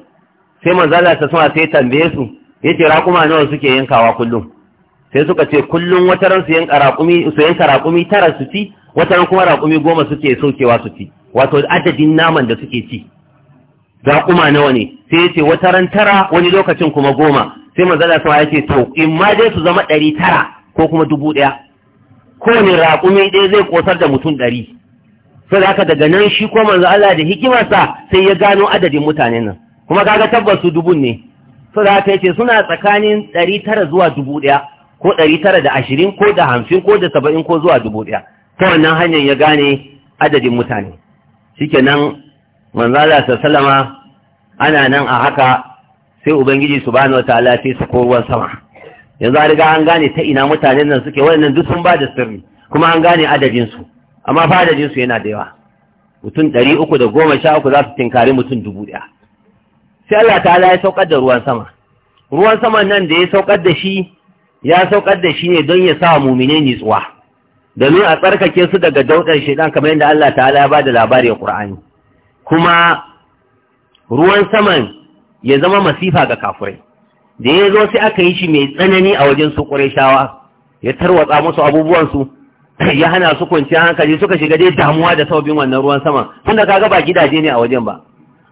sai manzala ta suna sai tambaye su yace raƙuma nawa suke yankawa kullum sai suka ce kullum wata ran su yanka raƙumi tara su ci wata ran kuma raƙumi goma suke saukewa su ci wato adadin naman da suke ci raƙuma nawa ne sai yace wata ran tara wani lokacin kuma goma sai manzala ya yace to in ma dai su zama ɗari tara ko kuma dubu ɗaya kowane raƙumi ɗaya zai kosar da mutum ɗari sai da haka daga nan shi ko manzo Allah da hikimarsa sai ya gano adadin mutanen nan kuma kaga tabbas su dubun ne Su za ta ce suna tsakanin ɗari tara zuwa dubu ɗaya ko ɗari tara da ashirin ko da hamsin ko da saba'in ko zuwa dubu ɗaya ta wannan hanyar ya gane adadin mutane shikenan manzala ta salama ana nan a haka sai ubangiji subhanahu wataala sai su ko ruwan sama yanzu an riga an gane ta ina mutanen nan suke wannan duk sun ba da sirri kuma an gane adadin su amma fa adadin su yana da yawa mutum ɗari uku da goma sha uku za su tinkari mutum dubu ɗaya sai Allah ta'ala ya saukar da ruwan sama ruwan sama nan da ya saukar da shi ya saukar da shi ne don ya sa mumine nitsuwa domin a tsarkake su daga daukar shaidan kamar yadda Allah ta ya ba da labari a Kur'ani. kuma ruwan saman ya zama masifa ga kafurai. da ya zo sai aka yi shi mai tsanani a wajen su Qurayshawa ya tarwatsa musu abubuwansu, ya hana su kwanciyar hankali suka shiga dai damuwa da sabbin wannan ruwan sama tunda kaga ba gidaje ne a wajen ba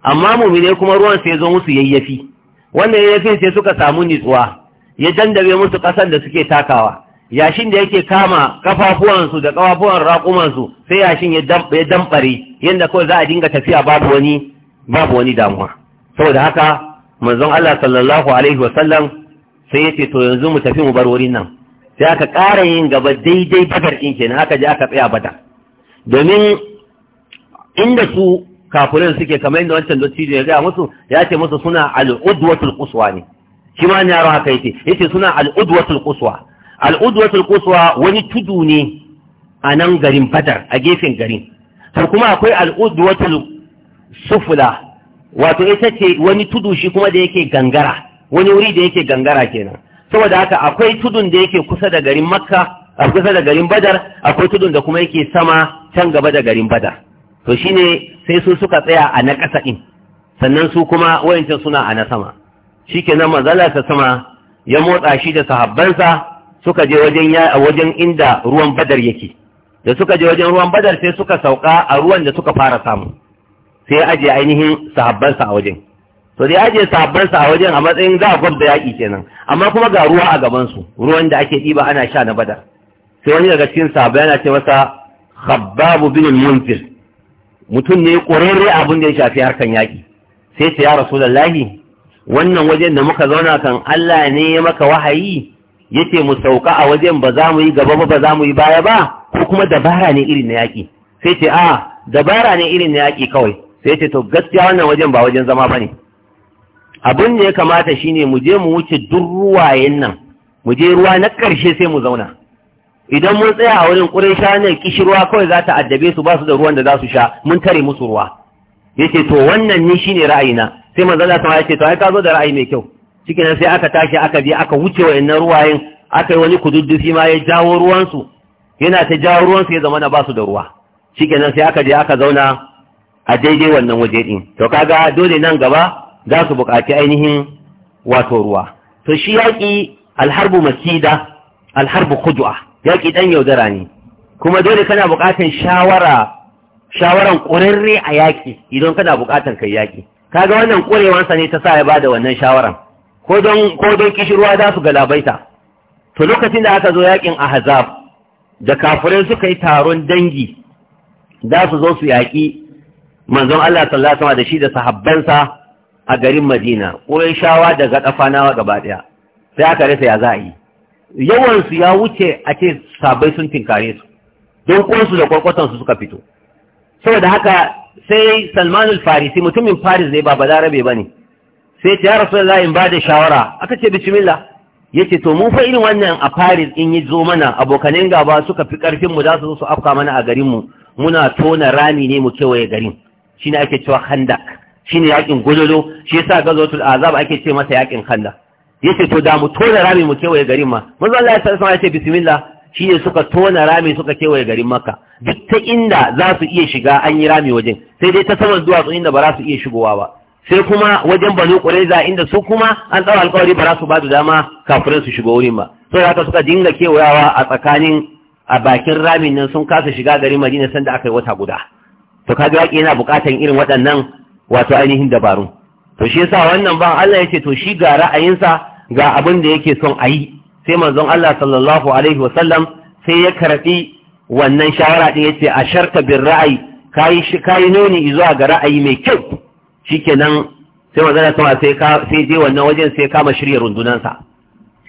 amma mumine kuma ruwan sai zo musu yayyafi wannan yayyafin sai suka samu nitsuwa ya dandabe musu ƙasar da suke takawa yashin da yake kama kafafuwansu da kafafuwan raƙumansu sai yashin ya dambare yadda kawai za a dinga tafiya babu wani babu wani damuwa saboda haka manzon Allah sallallahu alaihi wasallam sai yace to yanzu mu tafi mu bar wurin nan sai aka ƙara yin gaba daidai bakar ɗin kenan aka je aka tsaya bada. domin inda su kafirin suke kamar yadda wancan dattijo ya gaya musu ya ce musu suna al'udwatul quswa ne shi ma yaro haka yake yace suna al'udwatul quswa al'udwatul quswa wani tudu ne a nan garin Badar a gefen garin to kuma akwai al'udwatul sufula wato ita ce wani tudu shi kuma da yake gangara wani wuri da yake gangara kenan saboda haka akwai tudun da yake kusa da garin Makka a kusa da garin Badar akwai tudun da kuma yake sama can gaba da garin Badar to shi ne sai su suka tsaya a na ƙasa ɗin sannan su kuma wayancin suna a na sama nan mazala ta sama ya motsa shi da sahabbansa suka je wajen wajen inda ruwan badar yake da suka je wajen ruwan badar sai suka sauka a ruwan da suka fara samu sai ya ajiye ainihin sahabbansa a wajen to da ya ajiye sahabbansa a wajen a matsayin za a gwabda yaƙi kenan amma kuma ga ruwa a gabansu ruwan da ake ɗiba ana sha na badar sai wani daga cikin sahabbai yana ce masa khabbabu bin munfir mutum ne ƙwararre abin da ya shafi harkan yaƙi sai ce ya rasulallahi wannan wajen da muka zauna kan Allah ne ya maka wahayi yace mu sauka a wajen ba za mu yi gaba ba ba za mu yi baya ba ko kuma dabara ne irin na yaƙi sai ce a ah, dabara ne irin na yaƙi kawai sai ce to gaskiya wannan wajen ba wajen zama ba ne. abin da ya kamata shine mu je mu wuce duk ruwayen nan mu je ruwa na ƙarshe sai mu zauna idan mun tsaya a wurin ƙurin sha ne kishirwa kawai za ta addabe su ba su da ruwan da za su sha mun tare musu ruwa Ya ce to wannan ni shi shine ra'ayina sai manzo sama ya ce to ai ka zo da ra'ayi mai kyau cikin sai aka tashi aka je aka wuce wa wa'annan ruwayen aka yi wani kududdufi ma ya jawo ruwan yana ta jawo ruwan su ya zama na ba su da ruwa cikin sai aka je aka zauna a daidai wannan waje din to kaga dole nan gaba za su buƙaci ainihin wato ruwa to shi yaƙi alharbu masida alharbu Kudu'a. yaƙi ɗan yaudara ne kuma dole kana buƙatar shawara shawaran ƙurarre a yaƙi idan kana buƙatar kai yaƙi kaga wannan ƙurewansa ne ta sa ya bada wannan shawaran ko don ko don kishirwa za su galabaita to lokacin da aka zo yaƙin ahzab da kafirai suka yi taron dangi za su zo su yaƙi manzon Allah sallallahu alaihi wasallam da shi da sahabbansa a garin Madina ƙurai shawa daga ƙafanawa gaba ɗaya sai aka rasa ya za a yi yawansu ya wuce a ce sabai sun tinkare su don kuwansu da kwakwatansu suka fito saboda haka sai salmanul farisi mutumin faris ne ba balarabe ba ne sai ta yara sun layin ba da shawara aka ce bismillah ya ce to mu fa irin wannan a faris in yi zo mana abokanen gaba suka fi ƙarfinmu za su zo su afka mana a garinmu muna tona rami ne mu kewaye garin shine ake cewa handak shine yakin gololo shi yasa gazotul azab ake ce masa yaƙin handak yace to da mu tona rami mu kewaye garin ma manzo Allah ya sa ya ce bismillah shi ne suka tona rami suka kewaye garin maka. duk ta inda za su iya shiga an yi rami wajen sai dai ta saman duwatsu inda ba za su iya shigowa ba sai kuma wajen banu ƙureza inda su kuma an tsawo alkawari ba za su ba da dama kafirin su shigo wurin ba sai haka suka dinga kewayawa a tsakanin a bakin ramin nan sun kasa shiga garin madina sanda aka yi wata guda to kaga yaƙi yana buƙatan irin waɗannan wato ainihin dabaru to shi yasa wannan ba Allah ya ce to shi ga ra'ayinsa ga abin da yake son a yi sai manzon Allah sallallahu alaihi wasallam sai ya karɓi wannan shawara ɗin yace a sharta bin ra'ayi ka shi nuni zuwa ga ra'ayi mai kyau shikenan sai manzon Allah sai je wannan wajen sai kama shirya rundunan sa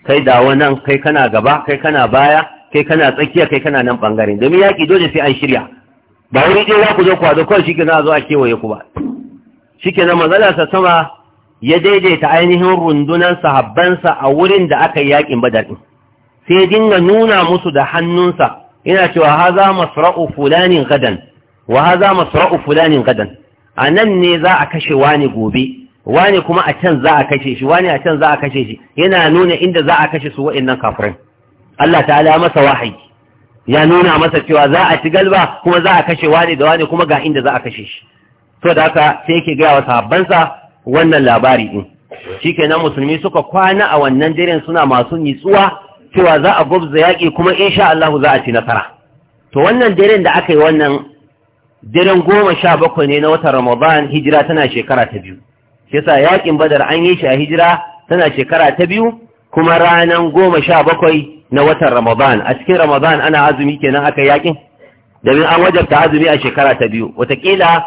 kai da wannan kai kana gaba kai kana baya kai kana tsakiya kai kana nan bangaren domin yaki dole sai an shirya ba wuri dai za ku zo ku hado kawai shikenan a zo a kewaye ku ba shikenan manzon Allah sama ya daidaita ainihin rundunan sahabbansa a wurin da aka yi yakin badar din sai dinga nuna musu da hannunsa ina cewa haza masra'u fulanin gadan wa haza masra'u fulanin gadan a nan ne za a kashe wani gobe wani kuma a can za a kashe shi wani a can za a kashe shi yana nuna inda za a kashe su wa'annan kafirin Allah ta'ala masa wahayi ya nuna masa cewa za a ci galba kuma za a kashe wani da wani kuma ga inda za a kashe shi to da haka sai yake gaya wa sahabbansa wannan labari din kenan musulmi suka kwana a wannan daren suna masu nitsuwa cewa za a gwabza yaƙi kuma insha Allah za a ci nasara to wannan daren da aka yi wannan daren goma sha bakwai ne na watan Ramadan hijira tana shekara ta biyu shi yasa yaƙin Badar an yi shi a hijira tana shekara ta biyu kuma ranan goma sha bakwai na watan Ramadan a cikin Ramadan ana azumi kenan aka yaƙin domin an wajabta azumi a shekara ta biyu watakila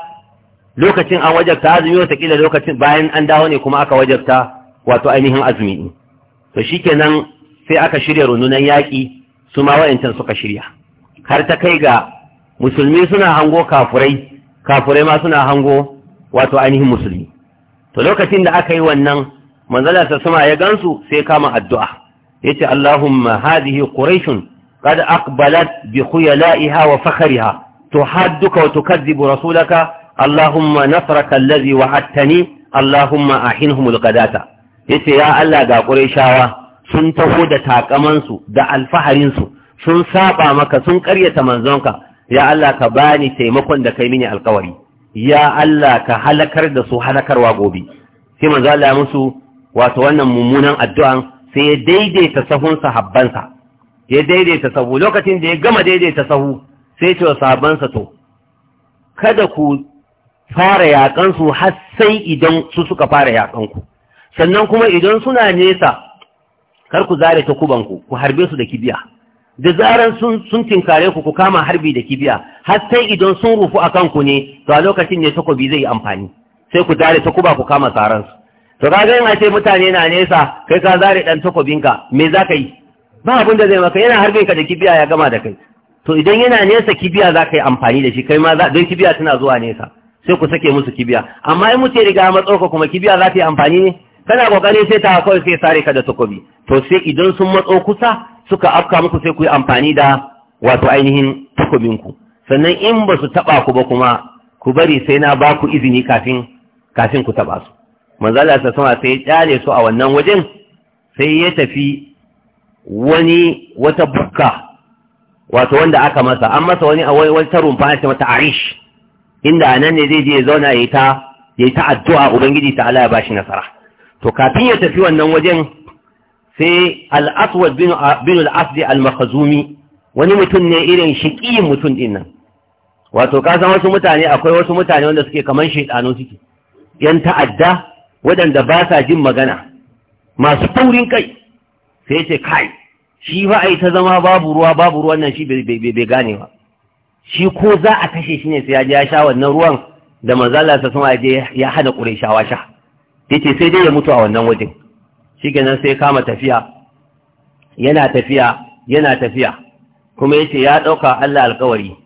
lokacin an wajabta azumi wata kila lokacin bayan an dawo ne kuma aka wajabta wato ainihin azumi to shikenan sai aka shirya rundunar yaƙi su ma suka shirya har ta kai ga musulmi suna hango kafurai kafurai ma suna hango wato ainihin musulmi to lokacin da aka yi wannan manzala ta sama ya gansu sai kama addu'a yace Allahumma hadihi quraishun qad aqbalat bi khuyala'iha wa fakhriha tuhadduka wa tukadhibu rasulaka Allahumma nasraka allazi wa'adtani Allahumma ahinhumul qadata yace ya Allah ga Qurayshawa sun taho da takamansu da alfaharinsu sun saba maka sun karyata manzonka ya Allah ka bani taimakon da kai mini alkawari ya Allah ka halakar da su halakarwa gobe sai manzo Allah ya musu wato wannan mummunan addu'an sai ya daidaita sahun sahabbansa ya daidaita sahu lokacin da ya gama daidaita sahu sai ce wa sahabbansa to kada ku fara yaƙansu har sai idan su suka fara yaƙanku sannan kuma idan suna nesa kar ku zare ta kubanku ku harbe su da kibiya da zaran sun tinkare ku ku kama harbi da kibiya har sai idan sun rufu a kanku ne to a lokacin ne takobi zai yi amfani sai ku zare ta kuba ku kama saransu to ka gani ce mutane na nesa kai ka zare ɗan takobinka me za ka yi ba abin da zai maka yana harbin ka da kibiya ya gama da kai to idan yana nesa kibiya za ka yi amfani da shi kai ma don kibiya tana zuwa nesa sai ku sake musu kibiya amma in ya riga matso ka kuma kibiya za ta yi amfani ne kana kokari sai ta kawai sai sare ka da takobi to sai idan sun matso kusa suka afka muku sai ku yi amfani da wato ainihin takobin ku sannan in ba su taba ku ba kuma ku bari sai na ba ku izini kafin kafin ku taba su manzo Allah sai sama sai ya su a wannan wajen sai ya tafi wani wata bukka wato wanda aka masa an masa wani a tarumfa a ta mata Aisha inda anan ne zai je ya zauna ya ta ya ta addu'a ubangiji ta Allah ya bashi nasara to kafin ya tafi wannan wajen sai al-aswad bin al-asdi al-makhzumi wani mutum ne irin shiƙiyin mutum din nan wato ka san wasu mutane akwai wasu mutane wanda suke kaman shaidanu suke yan ta'adda waɗanda ba sa jin magana masu taurin kai sai ce kai shi ba a yi ta zama babu ruwa babu ruwan nan shi bai gane ba shi ko za a kashe shi ne sai ya je ya sha wannan ruwan da manzala sa sun aje ya hana qurayshawa sha yace sai dai ya mutu a wannan wajen shikenan sai kama tafiya yana tafiya yana tafiya kuma yace ya dauka Allah alƙawari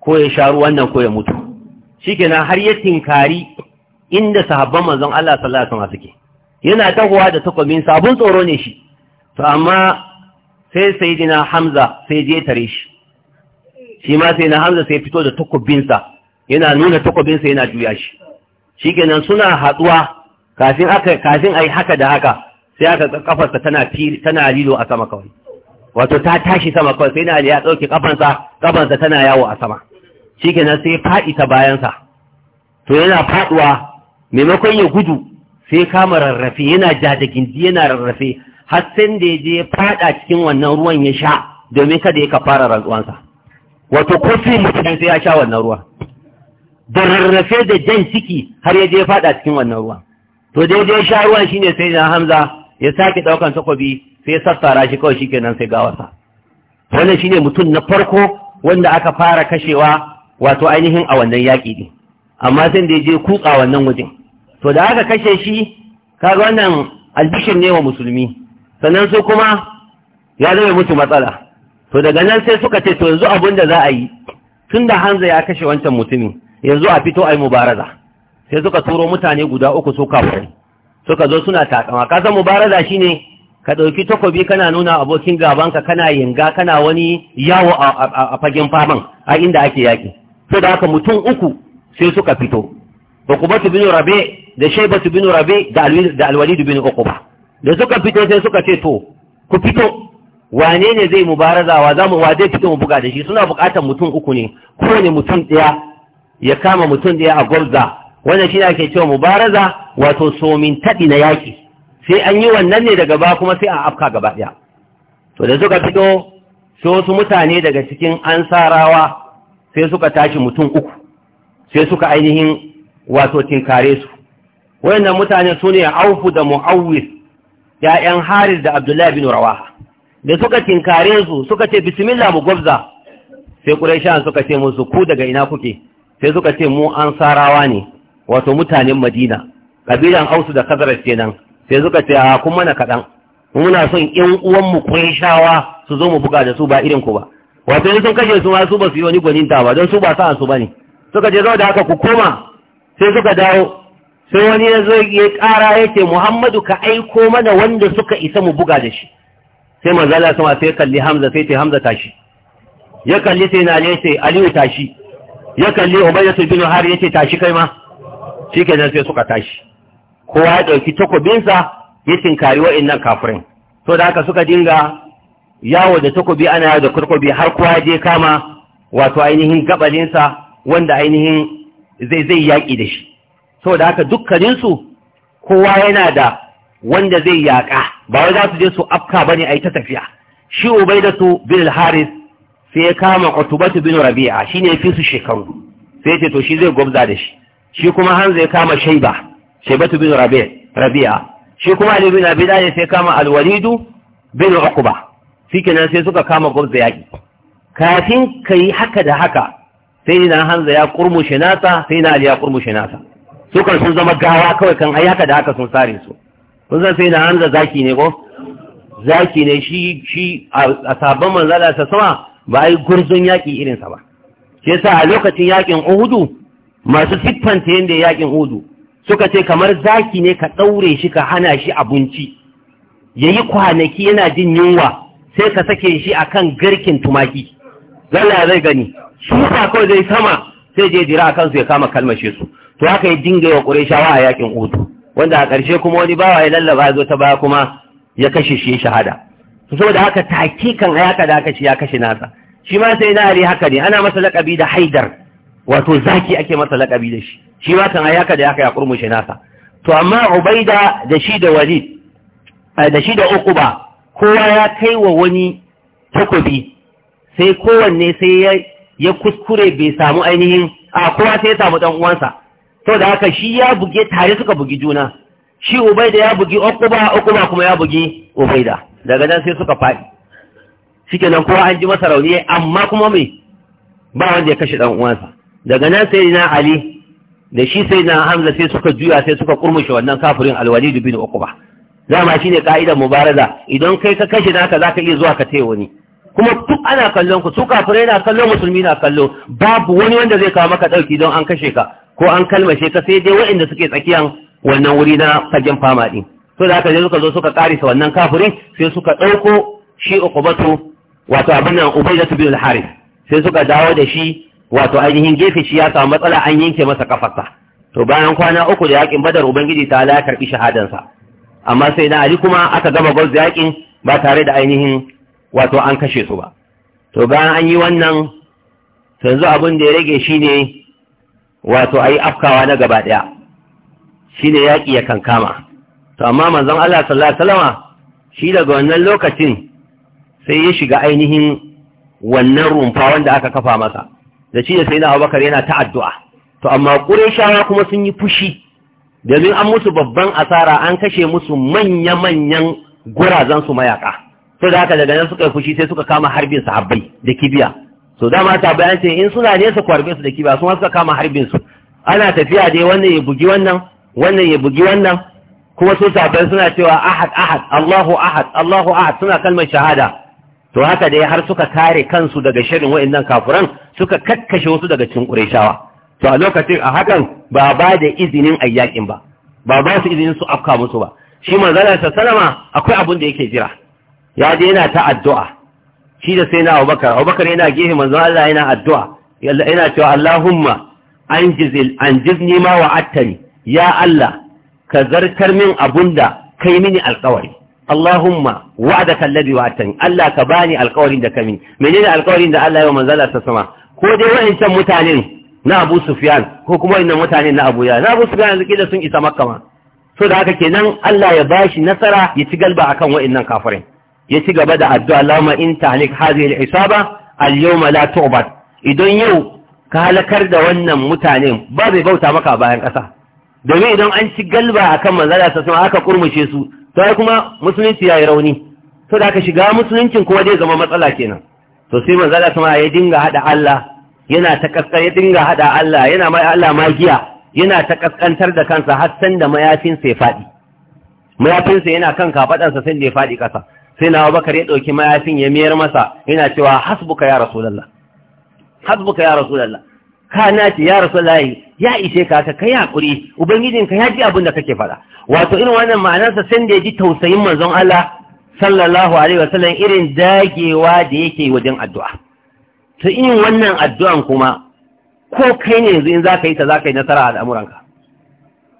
ko ya sha ruwan nan ko ya mutu shikenan har ya tinkari inda sahabban manzon Allah sallallahu alaihi wasallam suke yana tahowa da takobin sabon tsoro ne shi to amma sai sayyidina Hamza sai je tare shi shi ma sai na hamza sai fito da takobinsa yana nuna takobinsa yana juya shi kenan suna haɗuwa kafin aka kafin haka da haka sai aka kafarsa tana tana lilo a sama kawai wato ta tashi sama kawai sai na ali ya dauke kafansa kafansa tana yawo a sama kenan sai faɗi ta bayansa to yana faɗuwa maimakon ya gudu sai kama rarrafe yana ja da gindi yana rarrafe har sai da ya je faɗa cikin wannan ruwan ya sha domin kada ya fara rantsuwansa wato kofin mutum sai ya sha wannan ruwa da rarrafe da jan ciki har ya je fada cikin wannan ruwa to daidai sha ruwan shine sai na hamza ya sake daukan takobi sai ya sassara shi kawai shikenan sai gawarsa wannan shine mutum na farko wanda aka fara kashewa wato ainihin a wannan yaƙi ne amma sai da ya je kutsa wannan wajen to da aka kashe shi kaga wannan albishin ne wa musulmi sannan su kuma ya zama mutu matsala to daga nan sai suka ce to yanzu abin da za a yi tun da hanza ya kashe wancan mutumin yanzu a fito a yi mubaraza sai suka turo mutane guda uku su suka zo suna takama Kasan san mubaraza ne, ka ɗauki takobi kana nuna abokin gabanka kana yinga kana wani yawo a fagen faman a inda ake yaki. To da haka mutum uku sai suka fito batu bin rabe da batu bin rabe da alwalidu bin ba. da suka fito sai suka ce to ku fito wane ne zai mubaraza wa zamu wa zai fito mu buga da shi suna buƙatar mutum uku ne kowane mutum ɗaya ya kama mutum ɗaya a gwabza wannan shi ake cewa mubaraza wato somin taɗi na yaki, sai an yi wannan ne daga ba kuma sai a afka gaba ɗaya to da suka fito sai wasu mutane daga cikin ansarawa sai suka tashi mutum uku sai suka ainihin wato tinkare su wayannan mutane su ne aufu da mu'awwis ya'yan haris da abdullahi bin rawaha da suka kinkare su suka ce bismillah mu gwabza sai quraishan suka ce musu ku daga ina kuke sai suka ce mu ansarawa ne wato mutanen madina kabilan ausu da kazarar kenan sai suka ce a kun mana kaɗan muna son ƴan mu quraishawa su zo mu buga da su ba irin ku ba wato in sun kashe su ma su ba su yi wani gwaninta ba don su ba sa'an su bane suka je zo da haka ku koma sai suka dawo sai wani ya zo ya ƙara ya ce muhammadu ka aiko mana wanda suka isa mu buga da shi sai manzala sama sai kalli hamza sai ce hamza tashi ya kalli sai na ne sai aliyu tashi ya kalli ubayyatu bin har ce tashi kai ma nan sai suka tashi kowa ya dauki takobinsa ya tinkari wa'annan kafirin to da haka suka dinga yawo da takobi ana yawo da kurkobi har kowa je kama wato ainihin gabalinsa wanda ainihin zai zai yaki da shi saboda haka dukkaninsu kowa yana da wanda zai yaƙa ba wai za su je su afka ba ne, a yi ta tafiya shi su bin al-haris sai ya kama Otubatu bin rabi'a ne ya fi su shekaru sai ce to shi zai gwabza da shi shi kuma hanzu ya kama shaiba shaibatu bin rabi'a shi kuma ali bin abi dalib sai kama al-walidu bin uqba shikenan sai suka kama gwabza yaki kafin kai haka da haka sai na hanza ya kurmushe nasa sai na ali ya kurmushe nasa sukan sun zama gawa kawai kan ai haka da haka sun sare su kun san sai da hamza zaki ne ko zaki ne shi shi a sabon manzala ta sama ba a yi gurzon yaƙi irinsa ba sai sa a lokacin yaƙin uhudu masu siffanta yadda yaƙin uhudu suka ce kamar zaki ne ka ɗaure shi ka hana shi abinci ya yi kwanaki yana jin yunwa sai ka sake shi a kan garkin tumaki zalla zai gani su sa kawai zai sama sai je dira a kansu ya kama kalmashe su to haka ya dinga wa shawa a yaƙin uhudu wanda a ƙarshe kuma wani bawa ya lallaba ya zo ta baya kuma ya kashe shi shahada saboda haka takikan ayaka da aka ce ya kashe nasa shi ma sai na ali haka ne ana masa laƙabi da haidar wato zaki ake masa laƙabi da shi shi ma kan ayaka da aka ya kurmushe nasa to amma ubaida da shi da wali da shi da uquba kowa ya kai wa wani takobi sai kowanne sai ya kuskure bai samu ainihin a kowa sai ya samu ɗan uwansa to da haka shi ya buge tare suka bugi juna shi ubaida ya bugi Okuba, Okuba kuma ya bugi ubaida daga nan sai suka faɗi shikenan kowa an ji masa rauni amma kuma mai ba wanda ya kashe dan uwansa daga nan sai na ali da shi sai na hamza sai suka juya sai suka kurmushe wannan kafirin alwalid bin ma dama shine ka'idar mubaraza idan kai ka kashe naka zaka iya zuwa ka taya wani kuma duk ana kallon ku su kafirai na kallon musulmi na kallo babu wani wanda zai kawo maka dauki don an kashe ka ko an kalmashe ka sai dai waɗanda suke tsakiyan wannan wuri na fagen fama ɗin to da aka je suka zo suka karisa wannan kafirin sai suka ɗauko shi uqubatu wato abin nan ubai bin al-harith sai suka dawo da shi wato ainihin gefe shi ya samu matsala an yanke masa kafarsa to bayan kwana uku da yakin badar ubangiji ta ala karbi shahadansa amma sai na ali kuma aka gama gwazu yakin ba tare da ainihin wato an kashe su ba to bayan an yi wannan yanzu abin da ya rage shi ne. wato ayi afkawa na gaba daya ne yaki ya kankama to amma manzon Allah sallallahu alaihi shi daga wannan lokacin sai ya shiga ainihin wannan rumfa wanda aka kafa masa da shi da sai na abubakar yana ta addu'a to amma ƙureshawa kuma sun yi fushi domin an musu babban asara an kashe musu manya-manyan gurazansu mayaƙa. to da haka daga nan suka yi fushi sai suka kama harbin sahabbai da kibiya so dama ta bayan ce in suna nesa kwarbe su da kiba su suka kama harbin su ana tafiya dai wannan ya bugi wannan wannan ya bugi wannan kuma su sabai suna cewa ahad ahad Allahu ahad Allahu ahad suna kalmar shahada to haka dai har suka kare kansu daga shirin wa'annan kafuran suka kakkashe wasu daga cikin Qurayshawa to a lokacin a hakan ba ba da izinin ayyakin ba ba ba su izinin su afka musu ba shi manzon sallallahu akwai abin da yake jira ya je yana ta addu'a shi da sai na abubakar abubakar yana gefe manzon Allah yana addu'a yana cewa Allahumma an jizni ma wa attani ya Allah ka zartar min abunda kai mini alƙawari Allahumma wa'adaka alladhi wa'adtani Allah ka bani alƙawarin da ka mini menene alƙawarin da Allah ya manzon Allah ta sama ko dai wa'ancan mutanen na Abu Sufyan ko kuma wannan mutanen na Abu Yahya na Abu Sufyan zaki da sun isa makama. ma so da haka kenan Allah ya bashi nasara ya ci galba akan wa'annan kafirin ya ci gaba da addu'a lama in har hadhihi al-isaba al-yawma la idan yau ka halakar da wannan mutanen ba zai bauta maka bayan ƙasa domin idan an ci galba kan manzala sa sama aka ƙurmushe su to ai kuma musulunci ya yi rauni to da aka shiga musuluncin kuma zai zama matsala kenan to sai manzala ya dinga haɗa Allah yana ta kaskar ya dinga haɗa Allah yana mai Allah magiya yana ta ƙasƙantar da kansa har san da mayafinsa ya faɗi. Mayafinsa yana kan kafaɗansa san da ya faɗi kasa sai na Abubakar ya ɗauki mayafin ya miyar masa yana cewa hasbuka ya lalla. hasbuka ya lalla. ka ce ya rasulullah ya ishe ka ka kai hakuri ubangijinka ya ji abin da kake faɗa. wato irin wannan ma'anarsa sai da ya ji tausayin manzon Allah sallallahu alaihi wasallam irin dagewa da yake wajen addu'a to in wannan addu'an kuma ko kai ne yanzu in zaka yi ta zaka yi nasara a al'amuranka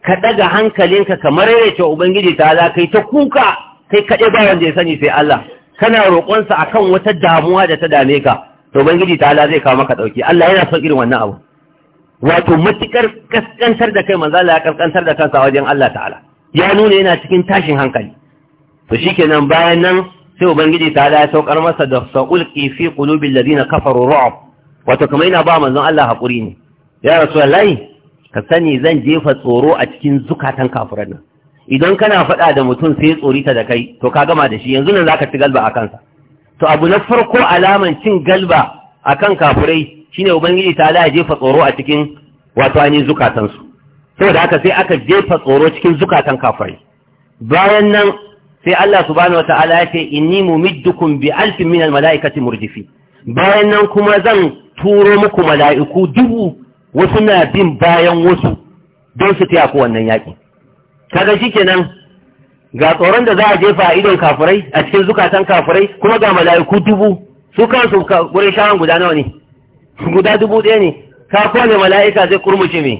ka daga hankalinka kamar yace ubangiji ta zaka yi ta kuka kai kaɗai ba wanda ya sani sai Allah kana roƙonsa a kan wata damuwa da ta dame ka to Bangiji ta Allah zai kawo maka dauki Allah yana son irin wannan abu wato matukar kaskantar da kai manzo Allah ya kaskantar da kansa wajen Allah ta'ala ya nuna yana cikin tashin hankali to shikenan bayan nan sai ubangiji ta Allah ya saukar masa da sa'ulqi fi qulubil ladina kafaru ru'b wato kamar yana ba manzon Allah hakuri ne ya rasulullahi ka sani zan jefa tsoro a cikin zukatan kafiran idan kana faɗa da mutum sai tsorita da kai to ka gama da shi yanzu nan zaka ci galba a kansa to abu na farko alaman cin galba akan kafurai shine ubangiji ta Allah ya jefa tsoro a cikin wato ani zukatan su saboda haka sai aka jefa tsoro cikin zukatan kafurai bayan nan sai Allah subhanahu wataala ya ce inni mumiddukum bi alfin min almalaikati murjifi bayan nan kuma zan turo muku mala'iku dubu wasu na bin bayan wasu don su taya ku wannan yaƙi kaga shikenan ga tsoron da za a jefa a idon kafurai a cikin zukatan kafurai kuma ga mala'iku dubu su kansu wurin shawan guda nawa ne guda dubu ɗaya ne ka kone mala'ika zai kurmuce me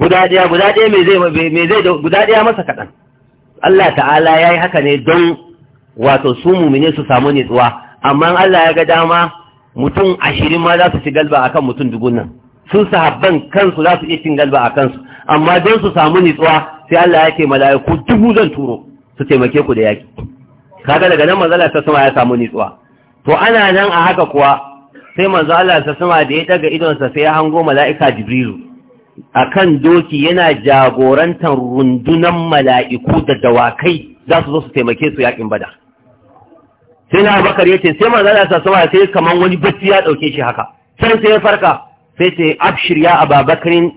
guda ɗaya guda ɗaya me zai me guda ɗaya masa kaɗan Allah ta'ala ya yi haka ne don wato su mumine su samu nutsuwa amma Allah ya ga dama mutum ashirin ma za su ci galba akan mutum dubun nan sun sahabban kansu za su iya cin galba a kansu amma don su samu nitsuwa sai Allah ya mala'iku dubu zan turo su taimake ku da yaki kaga daga nan manzo Allah sama ya samu nitsuwa to ana nan a haka kuwa sai manzo Allah sama da ya daga idon sa sai ya hango mala'ika Jibrilu akan doki yana jagorantar rundunan mala'iku da dawakai za su zo su taimake su yakin bada sai na bakar ya ce sai manzo Allah sama sai kamar wani bacci ya dauke shi haka sai sai ya farka sai ce abshir ya ababakarin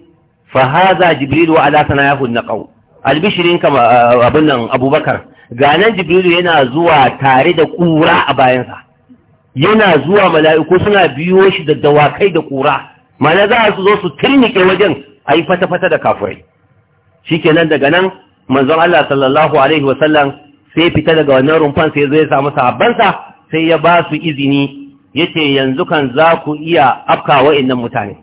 fahaza hadha jibrilu ala sanayahu naqaw albishirin kama abun nan abubakar ganan jibrilu yana zuwa tare da kura a bayansa yana zuwa mala'iku suna biyo shi da dawakai da kura mana za su zo su tirnike wajen a fata-fata da kafirai shikenan daga nan manzon Allah sallallahu alaihi wasallam sai fita daga wannan rumfan sai zai samu sahabbansa sai ya ba su izini yace yanzu kan za ku iya afka wa'annan mutane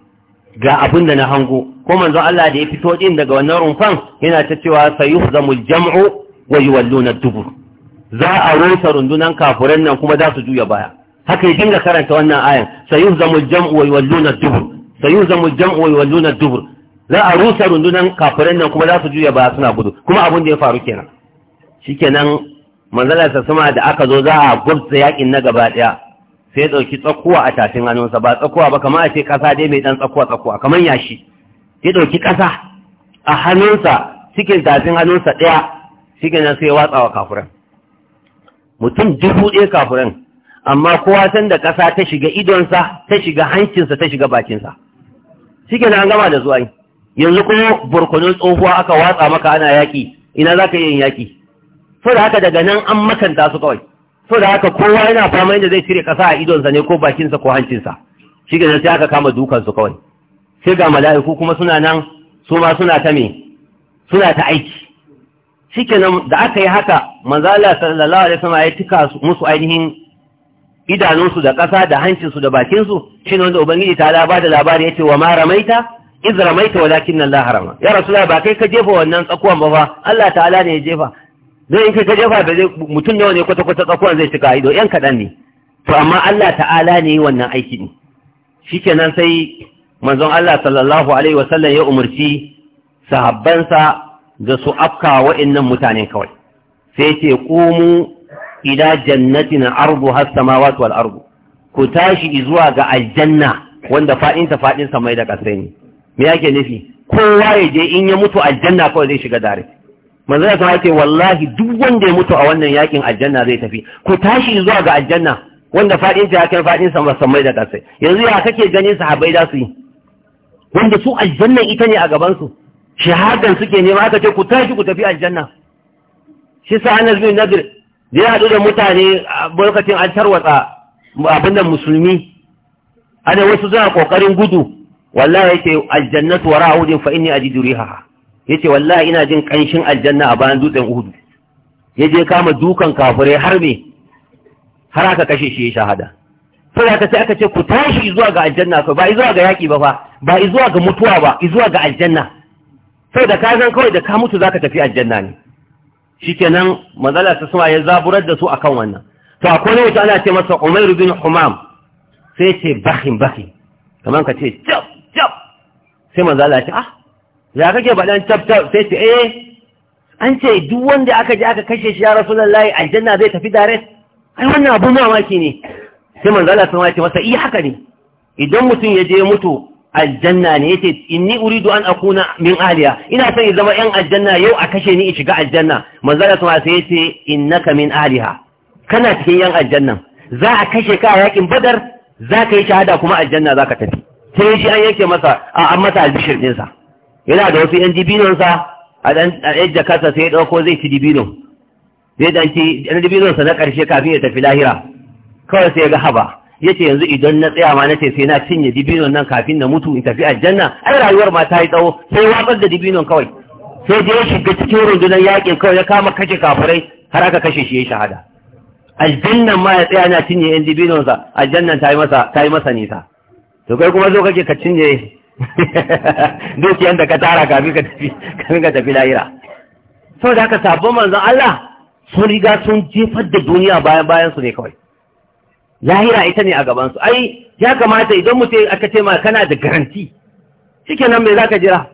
ga abin da na hango ko manzon Allah da ya fito din daga wannan rumfan yana ta cewa sayuhzamul jam'u wa yuwalluna dubur za a rusa rundunan kafuran nan kuma za su juya baya haka ya dinga karanta wannan ayan sayuhzamul jam'u wa yuwalluna dubur sayuhzamul jam'u wa yuwalluna dubur za a rusa rundunan kafuran nan kuma za su juya baya suna gudu kuma abin da ya faru kenan shikenan manzon Allah sama da aka zo za a gurtsa yakin na gaba daya sai ɗauki tsakkuwa a tafin hannunsa ba tsakkuwa ba kama a ce ƙasa dai mai ɗan tsakkuwa-tsakkuwa kamar yashi ya ɗauki ƙasa a hannunsa cikin tafin hannunsa ɗaya cikin nan sai watsawa kafuran mutum dubu ɗaya kafuran amma kowa san da ƙasa ta shiga idonsa ta shiga hancinsa ta shiga bakinsa cikin an gama da zuwa yanzu kuma burkunin tsohuwa aka watsa maka ana yaƙi ina za ka yi yin yaƙi saboda haka daga nan an makanta su kawai so da haka kowa yana fama inda zai cire kasa a idonsa ne ko bakinsa ko hancinsa shi ga sai aka kama dukansu kawai sai ga mala'iku kuma suna nan su ma suna ta me suna ta aiki shi nan da aka yi haka manzala sallallahu alaihi wasallam ya tuka musu ainihin idanunsu da kasa da hancinsu da bakinsu shi wanda ubangiji ta laba da labari ya ce wa maramaita ramaita iz ramaita walakin nan harama ya rasulullah ba kai ka jefa wannan tsakuwan ba fa Allah ta'ala ne ya jefa zai in ka jefa da mutum nawa ne kwata kwata tsakuwan zai shiga ido yan kaɗan ne to amma Allah ta'ala ne wannan aiki ne shikenan sai manzon Allah sallallahu alaihi wa sallam ya umarci sahabbansa da su afka wa'annan mutane kawai sai ce qumu ila jannatin argu, has samawati wal ardu ku tashi zuwa ga aljanna wanda fadin ta fadin samai da kasai ne me yake nufi kowa ya je in ya mutu aljanna kawai zai shiga dare manzo ya sama ce wallahi duk wanda ya mutu a wannan yakin aljanna zai tafi ku tashi zuwa ga aljanna wanda fadin ta kai fadin sa da kasai yanzu ya kake ganin sahabbai da su yi wanda su aljanna ita ne a gaban su shahadan suke nema aka ce ku tashi ku tafi aljanna shi sa Anas bin Nadir da ya hadu da mutane a lokacin an tarwatsa abin da musulmi ana wasu suna kokarin gudu wallahi yake aljannatu wara'udin fa inni ajidu rihaha Ya ce wallahi ina jin ƙanshin aljanna a bayan dutsen uhudu ya je kama dukan kafirai har me har aka kashe shi ya shahada sai aka sai aka ce ku tashi zuwa ga aljanna ko ba zuwa ga yaki ba fa ba zuwa ga mutuwa ba zuwa ga aljanna sai da ka san kawai da ka mutu zaka tafi aljanna ne shikenan mazala ta suma ya zaburar da su akan wannan to akwai ne wata ana ce masa Umar bin Humam sai ce bahin bahin kamar ka ce jab jab sai ya ce ah ya kake faɗan tabtab sai ce eh an ce duk wanda aka je aka kashe shi ya rasulullahi aljanna zai tafi direct ai wannan abu mamaki ne sai manzo Allah sun ce masa iya eh, haka ne idan mutum ya je mutu aljanna ne yace inni uridu an akuna min ahliya ina son in zama yan aljanna yau a kashe ni in shiga aljanna manzo Allah sun ce yace innaka min ahliha kana cikin yan aljanna za a kashe ka a yakin badar za ka yi shahada kuma aljanna za ka tafi sai shi an yake masa a an masa albishir sa yana da wasu yan dibinonsa a ɗan ɗan kasa sai ya ɗauko zai ci dibino zai ɗan dibinonsa na ƙarshe kafin ya tafi lahira kawai sai ya ga haba ya ce yanzu idan na tsaya ma na ce sai na cinye dibinon nan kafin na mutu in tafi aljanna ai rayuwar ma ta yi tsawo sai watsar da dibinon kawai sai dai ya shiga cikin rundunar yaƙin kawai ya kama kashe kafirai har aka kashe shi ya shahada aljannan ma ya tsaya na cinye yan dibinonsa aljannan ta yi masa nisa to kai kuma zo kake ka cinye dukiyar da ka tara kafin ka tafi lahira. ka tafi lahira haka manzon Allah sun riga sun jefar da duniya bayan bayan su ne kawai lahira ita ne a gabansu. ai ya kamata idan mu mutum aka ce ma kana da garanti nan me zaka jira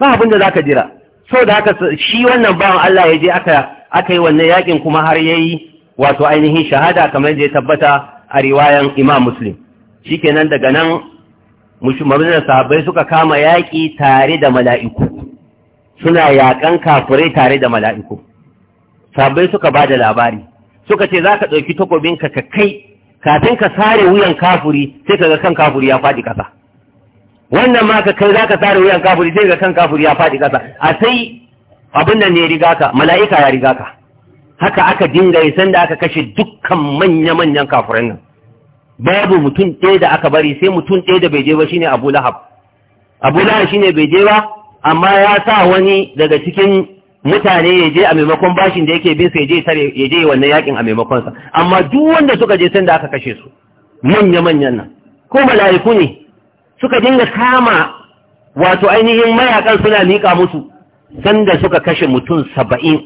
ba abin da zaka jira Sau da haka shi wannan bawan Allah ya je aka aka yi wannan yakin kuma har yayi wato ainihin shahada kamar da ya tabbata a riwayan Imam Muslim shikenan daga nan mushmarin sahabbai suka kama yaƙi tare da mala'iku suna yaƙan kafurai tare da mala'iku sahabbai suka ba da labari suka ce za ka ɗauki takobinka ka kai kafin ka sare wuyan kafuri sai ka ga kan kafuri ya faɗi ƙasa wannan ma ka kai za ka sare wuyan kafuri sai ga kan kafuri ya faɗi ƙasa a sai abin nan ne riga ka mala'ika ya riga ka haka aka dinga yi sanda aka kashe dukkan manya-manyan kafuran nan babu mutum ɗaya da aka bari sai mutum ɗaya da bai je ba shine Abu Lahab Abu Lahab shine bai je ba amma ya sa wani daga cikin mutane ya je a maimakon bashin da yake bin sa ya je tare ya je wannan yakin a maimakon sa amma duk wanda suka je sanda aka kashe su manya manyan nan ko mala'iku ne suka dinga kama wato ainihin mayakan suna mika musu sanda suka kashe mutum saba'in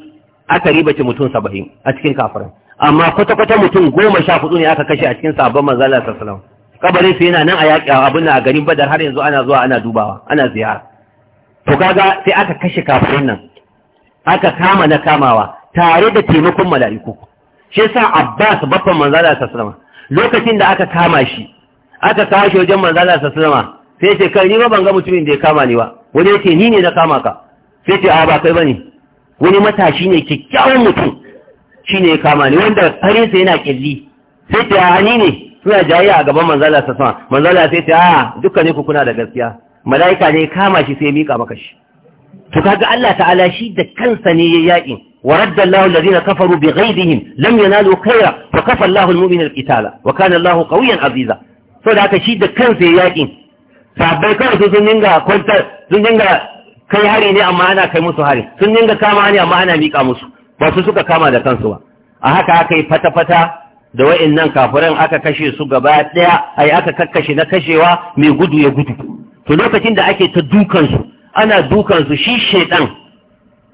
aka ribace mutum saba'in a cikin kafirai amma kwata-kwata mutum goma sha hudu ne aka kashe a cikin sabon manzala sassalam kabarin su yana nan a yaƙi abin a garin badar har yanzu ana zuwa ana dubawa ana ziyara to kaga sai aka kashe kafin nan aka kama na kamawa tare da taimakon mala'iku shi yasa abbas babban manzala sassalam lokacin da aka kama shi aka kawo shi wajen manzala sassalam sai ce kai ni ba ban ga mutumin da ya kama ni ba wani ya ce ni ne na kama ka sai ce a ba kai bane wani matashi ne kyakkyawan mutum shine ya kama ne? wanda farinsa yana kirji sai ta hani ne suna jayayya a gaban manzala ta sama manzala sai ta a dukkanin ku kuna da gaskiya mala'ika ne kama shi sai ya mika maka shi to kaga Allah ta'ala shi da kansa ne ya yaƙin wa radda Allahu alladhina kafaru bi ghaidihim lam yanalu khayra fa kafa Allahu al-mu'mina al-qitala wa kana Allahu qawiyyan aziza saboda haka shi da kansa ya yakin. sabai kawai sun dinga kwantar sun dinga kai hari ne amma ana kai musu hari sun dinga kama ne amma ana mika musu ba su suka kama da kansu ba a haka aka yi fata-fata da nan kafuran aka kashe su gaba ɗaya ai aka kakkashe na kashewa mai gudu ya gudu to lokacin da ake ta dukansu ana dukansu shi shaidan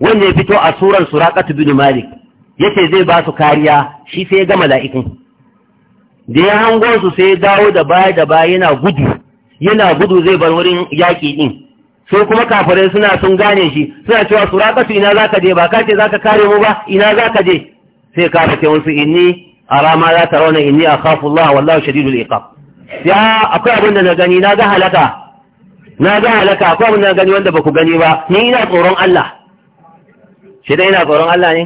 wanda ya fito a suran suraqatu bin malik yace zai ba su kariya shi sai ya ga mala'ikun da ya hango su sai ya dawo da baya da baya yana gudu yana gudu zai bar wurin yaƙi ɗin. sai kuma kafirai suna sun gane shi suna cewa suraqatu ina zaka je ba ka zaka kare mu ba ina zaka je sai ka fice musu inni Arama ma la tarawna inni akhafu Allah wallahu shadidul iqab ya akwai abin da na gani na ga halaka na ga halaka akwai abin da na gani wanda ba ku gani ba ni ina tsoron Allah shi dai ina tsoron Allah ne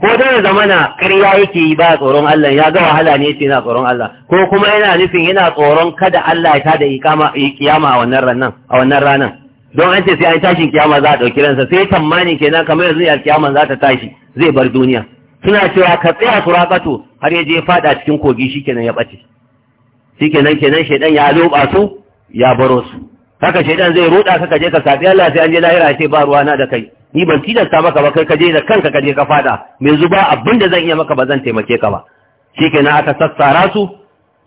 ko da zamana ƙarya yake yi ba tsoron Allah ya ga wahala ne yace yana tsoron Allah ko kuma yana nufin yana tsoron kada Allah ya tada ikama kiyama a wannan ranan a wannan ranan don an ce sai an tashin kiyama za a ɗauki ransa sai tammanin kenan kamar yanzu ya kiyama za ta tashi zai bar duniya suna cewa ka tsaya turakatu har ya je fada cikin kogi shikenan ya ɓace shikenan kenan shaidan ya zo su ya baro su haka shaidan zai ruɗa ka je ka sabi Allah sai an je lahira sai ba ruwa na da kai ni ban tilasta maka ba kai ka je da kanka ka je ka fada me zuba abin da zan iya maka ba zan taimake ka ba shikenan aka sassara su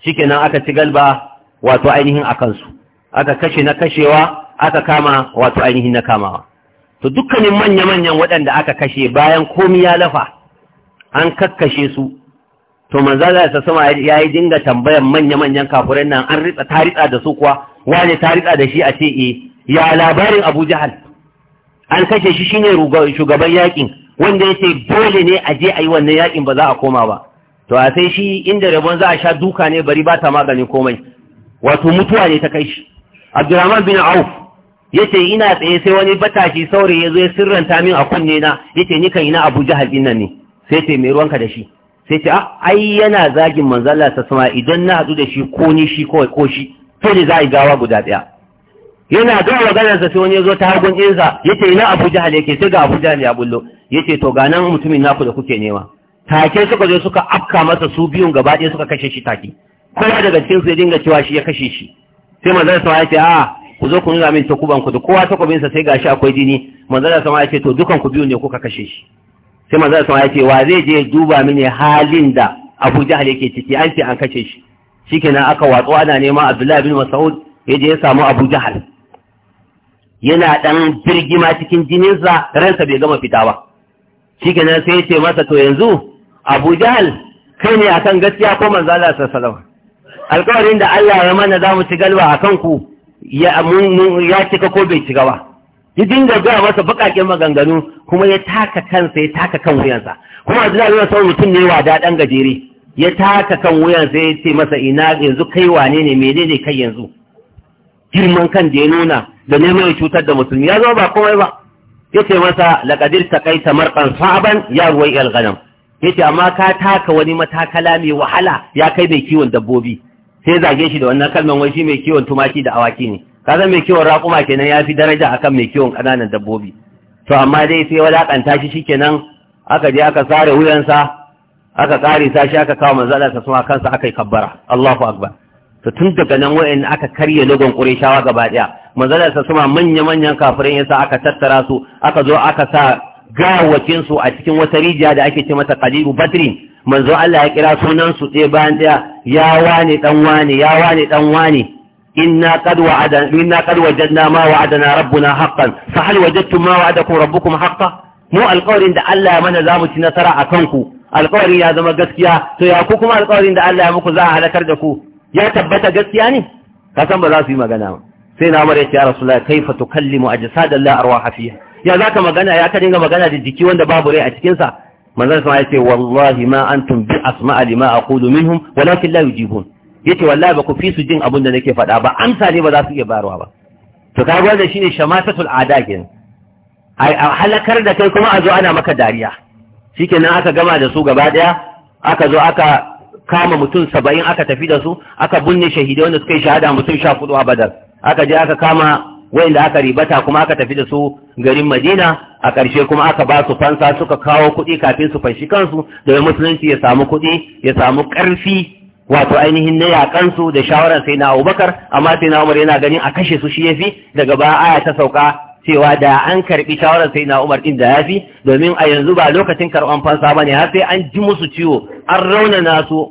shikenan aka ci galba wato ainihin akan su aka kashe na kashewa aka kama wato ainihin na kamawa to dukkanin manya-manyan waɗanda aka kashe bayan komi ya lafa an kakkashe su to za ta sama ya yi dinga tambayan manya-manyan kafuran nan an ritsa ta ritsa da su kuwa wane ta ritsa da shi a ce e ya labarin abu jahal an kashe shi shi ne shugaban yaƙin, wanda ya ce dole ne a je a yi wannan yaƙin ba za a koma ba to a sai shi inda rabon za a sha duka ne bari ba ta maganin komai wato mutuwa ne ta kai shi Abdulrahman bin auf yace ina tsaye sai wani batashi saurayi ya zo ya sirranta min a kunne na yace ni kan ina Abu Jahal din nan ne sai ce me ruwanka da shi sai ce ah ai yana zagin manzo Allah ta sama idan na hadu da shi ko ni shi ko ko shi to ne za a gawa guda daya yana ga maganar sa sai wani ya zo ta hagun insa yace ina Abu Jahal yake sai ga Abu Jahal ya bullo yace to ga nan mutumin naku da kuke nema take suka zo suka afka masa su biyun gaba ɗaya suka kashe shi take kowa daga cikin su ya dinga cewa shi ya kashe shi sai manzo Allah ya ce ah ku zo ku nuna min takuban ku da kowa takubin sa sai gashi akwai jini manzo Allah sama ya to dukan ku biyu ne kuka kashe shi sai manzo Allah sama ya ce wa zai je duba mini halin da Abu Jahal yake ciki an ce an kashe shi shikenan aka watsu ana nema Abdullah bin Mas'ud ya je ya samu Abu Jahal yana dan birgima cikin jininsa ransa bai gama fita ba shikenan sai ya ce masa to yanzu Abu Jahal kai ne akan gaskiya ko manzo Allah sallallahu alaihi wasallam alƙawarin da Allah ya mana za mu ci galba akan ku ya ya cika ko bai cika ba ya dinga ga masa bakaken maganganu kuma ya taka kansa ya taka kan wuyansa kuma a zina yana sauran mutum ne wa daɗan gajere ya taka kan wuyansa ya ce masa ina yanzu kai wane ne menene kai yanzu girman kan da ya nuna da neman ya cutar da musulmi ya zama ba komai ba ya ce masa laƙadir ta kai ta marƙan saban ya ruwai ya ce amma ka taka wani matakala mai wahala ya kai mai kiwon dabbobi sai zage shi da wannan kalman wai shi mai kiwon tumaki da awaki ne zan mai kiwon raƙuma kenan ya fi daraja akan mai kiwon ƙananan dabbobi to amma dai sai wadaƙanta shi kenan aka je aka sare wuyansa aka ƙare sa shi aka kawo manzo Allah sallallahu kansa aka yi kabbara Allahu akbar to tun daga nan wa'in aka karya lagon Qurayshawa gaba daya manzo Allah sallallahu manya manyan kafirin yasa aka tattara su aka zo aka sa gawakin su a cikin wata rijiya da ake ce mata qalibu batri manzo Allah ya kira sunansu ɗaya bayan ɗaya ya wane dan wane ya wane dan wane inna qad wa'ada inna qad wajadna ma wa'adana rabbuna haqqan fa hal wajadtum ma wa'adakum rabbukum haqqan mu alƙawarin da Allah ya mana zamu ci nasara akan ku alƙawarin ya zama gaskiya to ya ku kuma da Allah ya muku za a halakar da ku ya tabbata gaskiya ne ka san ba za su yi magana ba sai na mara ya ce ya rasulullahi kaifa tukallimu ajsadallahu arwaha fiha ya za ka magana ya ka dinga magana da jiki wanda babu rai a cikinsa manzan sama ya ce wallahi ma antum bi asma'a lima aqulu minhum walakin la yujibun yace wallahi ba ku fi su jin abin da nake faɗa ba amsa ne ba za su iya bayarwa ba to ka ga da shine shamatatul ada kenan ai halakar da kai kuma a zo ana maka dariya shikenan aka gama da su gaba daya aka zo aka kama mutum saba'in aka tafi da su aka binne shahidai wanda suka yi shahada mutum sha hudu a badar aka je aka kama wa'inda aka ribata kuma aka tafi da su garin Madina a ƙarshe kuma aka ba su fansa suka kawo kuɗi kafin su fanshi kansu da musulunci ya samu kuɗi ya samu ƙarfi wato ainihin na yaƙansu da shawarar sai na Abubakar amma sai na Umar yana ganin a kashe su shi yafi daga baya aya ta sauka cewa da an karbi shawaran sai na umar ɗin da ya fi domin a yanzu ba lokacin karban fansa ba ne har sai an ji musu ciwo an raunana su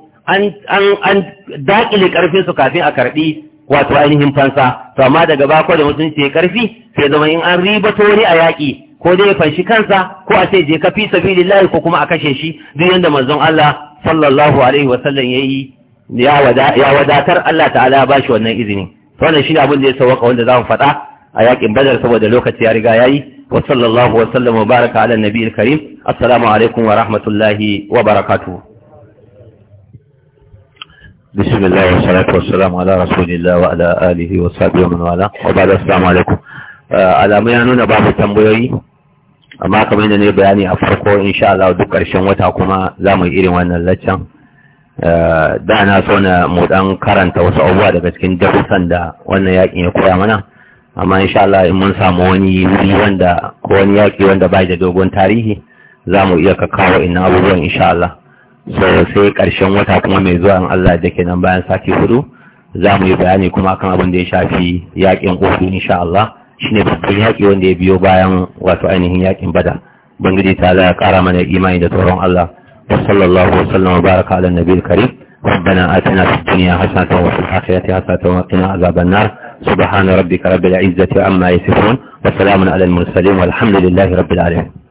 an daƙile ƙarfinsu kafin a karɓi wato ainihin fansa to amma daga bako da mutunci ya karfi sai zama in an ribato wani a yaƙi ko dai ya fanshi kansa ko a ce je kafi fi sabilillahi ko kuma a kashe shi duk yanda manzon Allah sallallahu alaihi wa sallam yayi ya wadatar Allah ta'ala ya bashi wannan izini to wannan shine abin da ya sauka wanda zamu faɗa a yaƙin Badar saboda lokaci ya riga yayi wa sallallahu wa sallam wa baraka ala nabiyil karim assalamu alaikum wa rahmatullahi wa barakatuh بسم الله والصلاة والسلام على ala الله وعلى آله وصحبه ومن والاه وبعد السلام عليكم alamu ya nuna babu tambayoyi amma kamar yadda ne bayani a farko insha Allah duk ƙarshen wata kuma za mu yi irin wannan laccan uh, da na so na mu dan karanta wasu abubuwa daga cikin darussan da wannan yakin ya koya mana amma insha Allah in mun samu wani wuri wanda ko wani yaki wanda bai da dogon tarihi za mu iya kakawa ina abubuwan insha Allah sai ƙarshen wata kuma mai zuwa in Allah da kenan bayan sati hudu za mu yi bayani kuma kan abin da ya shafi yakin uku insha Allah shine babban yaki wanda ya biyo bayan wato ainihin yakin bada bangiji ta ya kara mana imani da tsoron Allah wa sallallahu wa sallama baraka ala nabiyil karim ربنا آتنا في الدنيا حسنة وفي الآخرة حسنة وقنا عذاب النار سبحان ربك رب العزة عما يصفون وسلام على المرسلين والحمد لله رب العالمين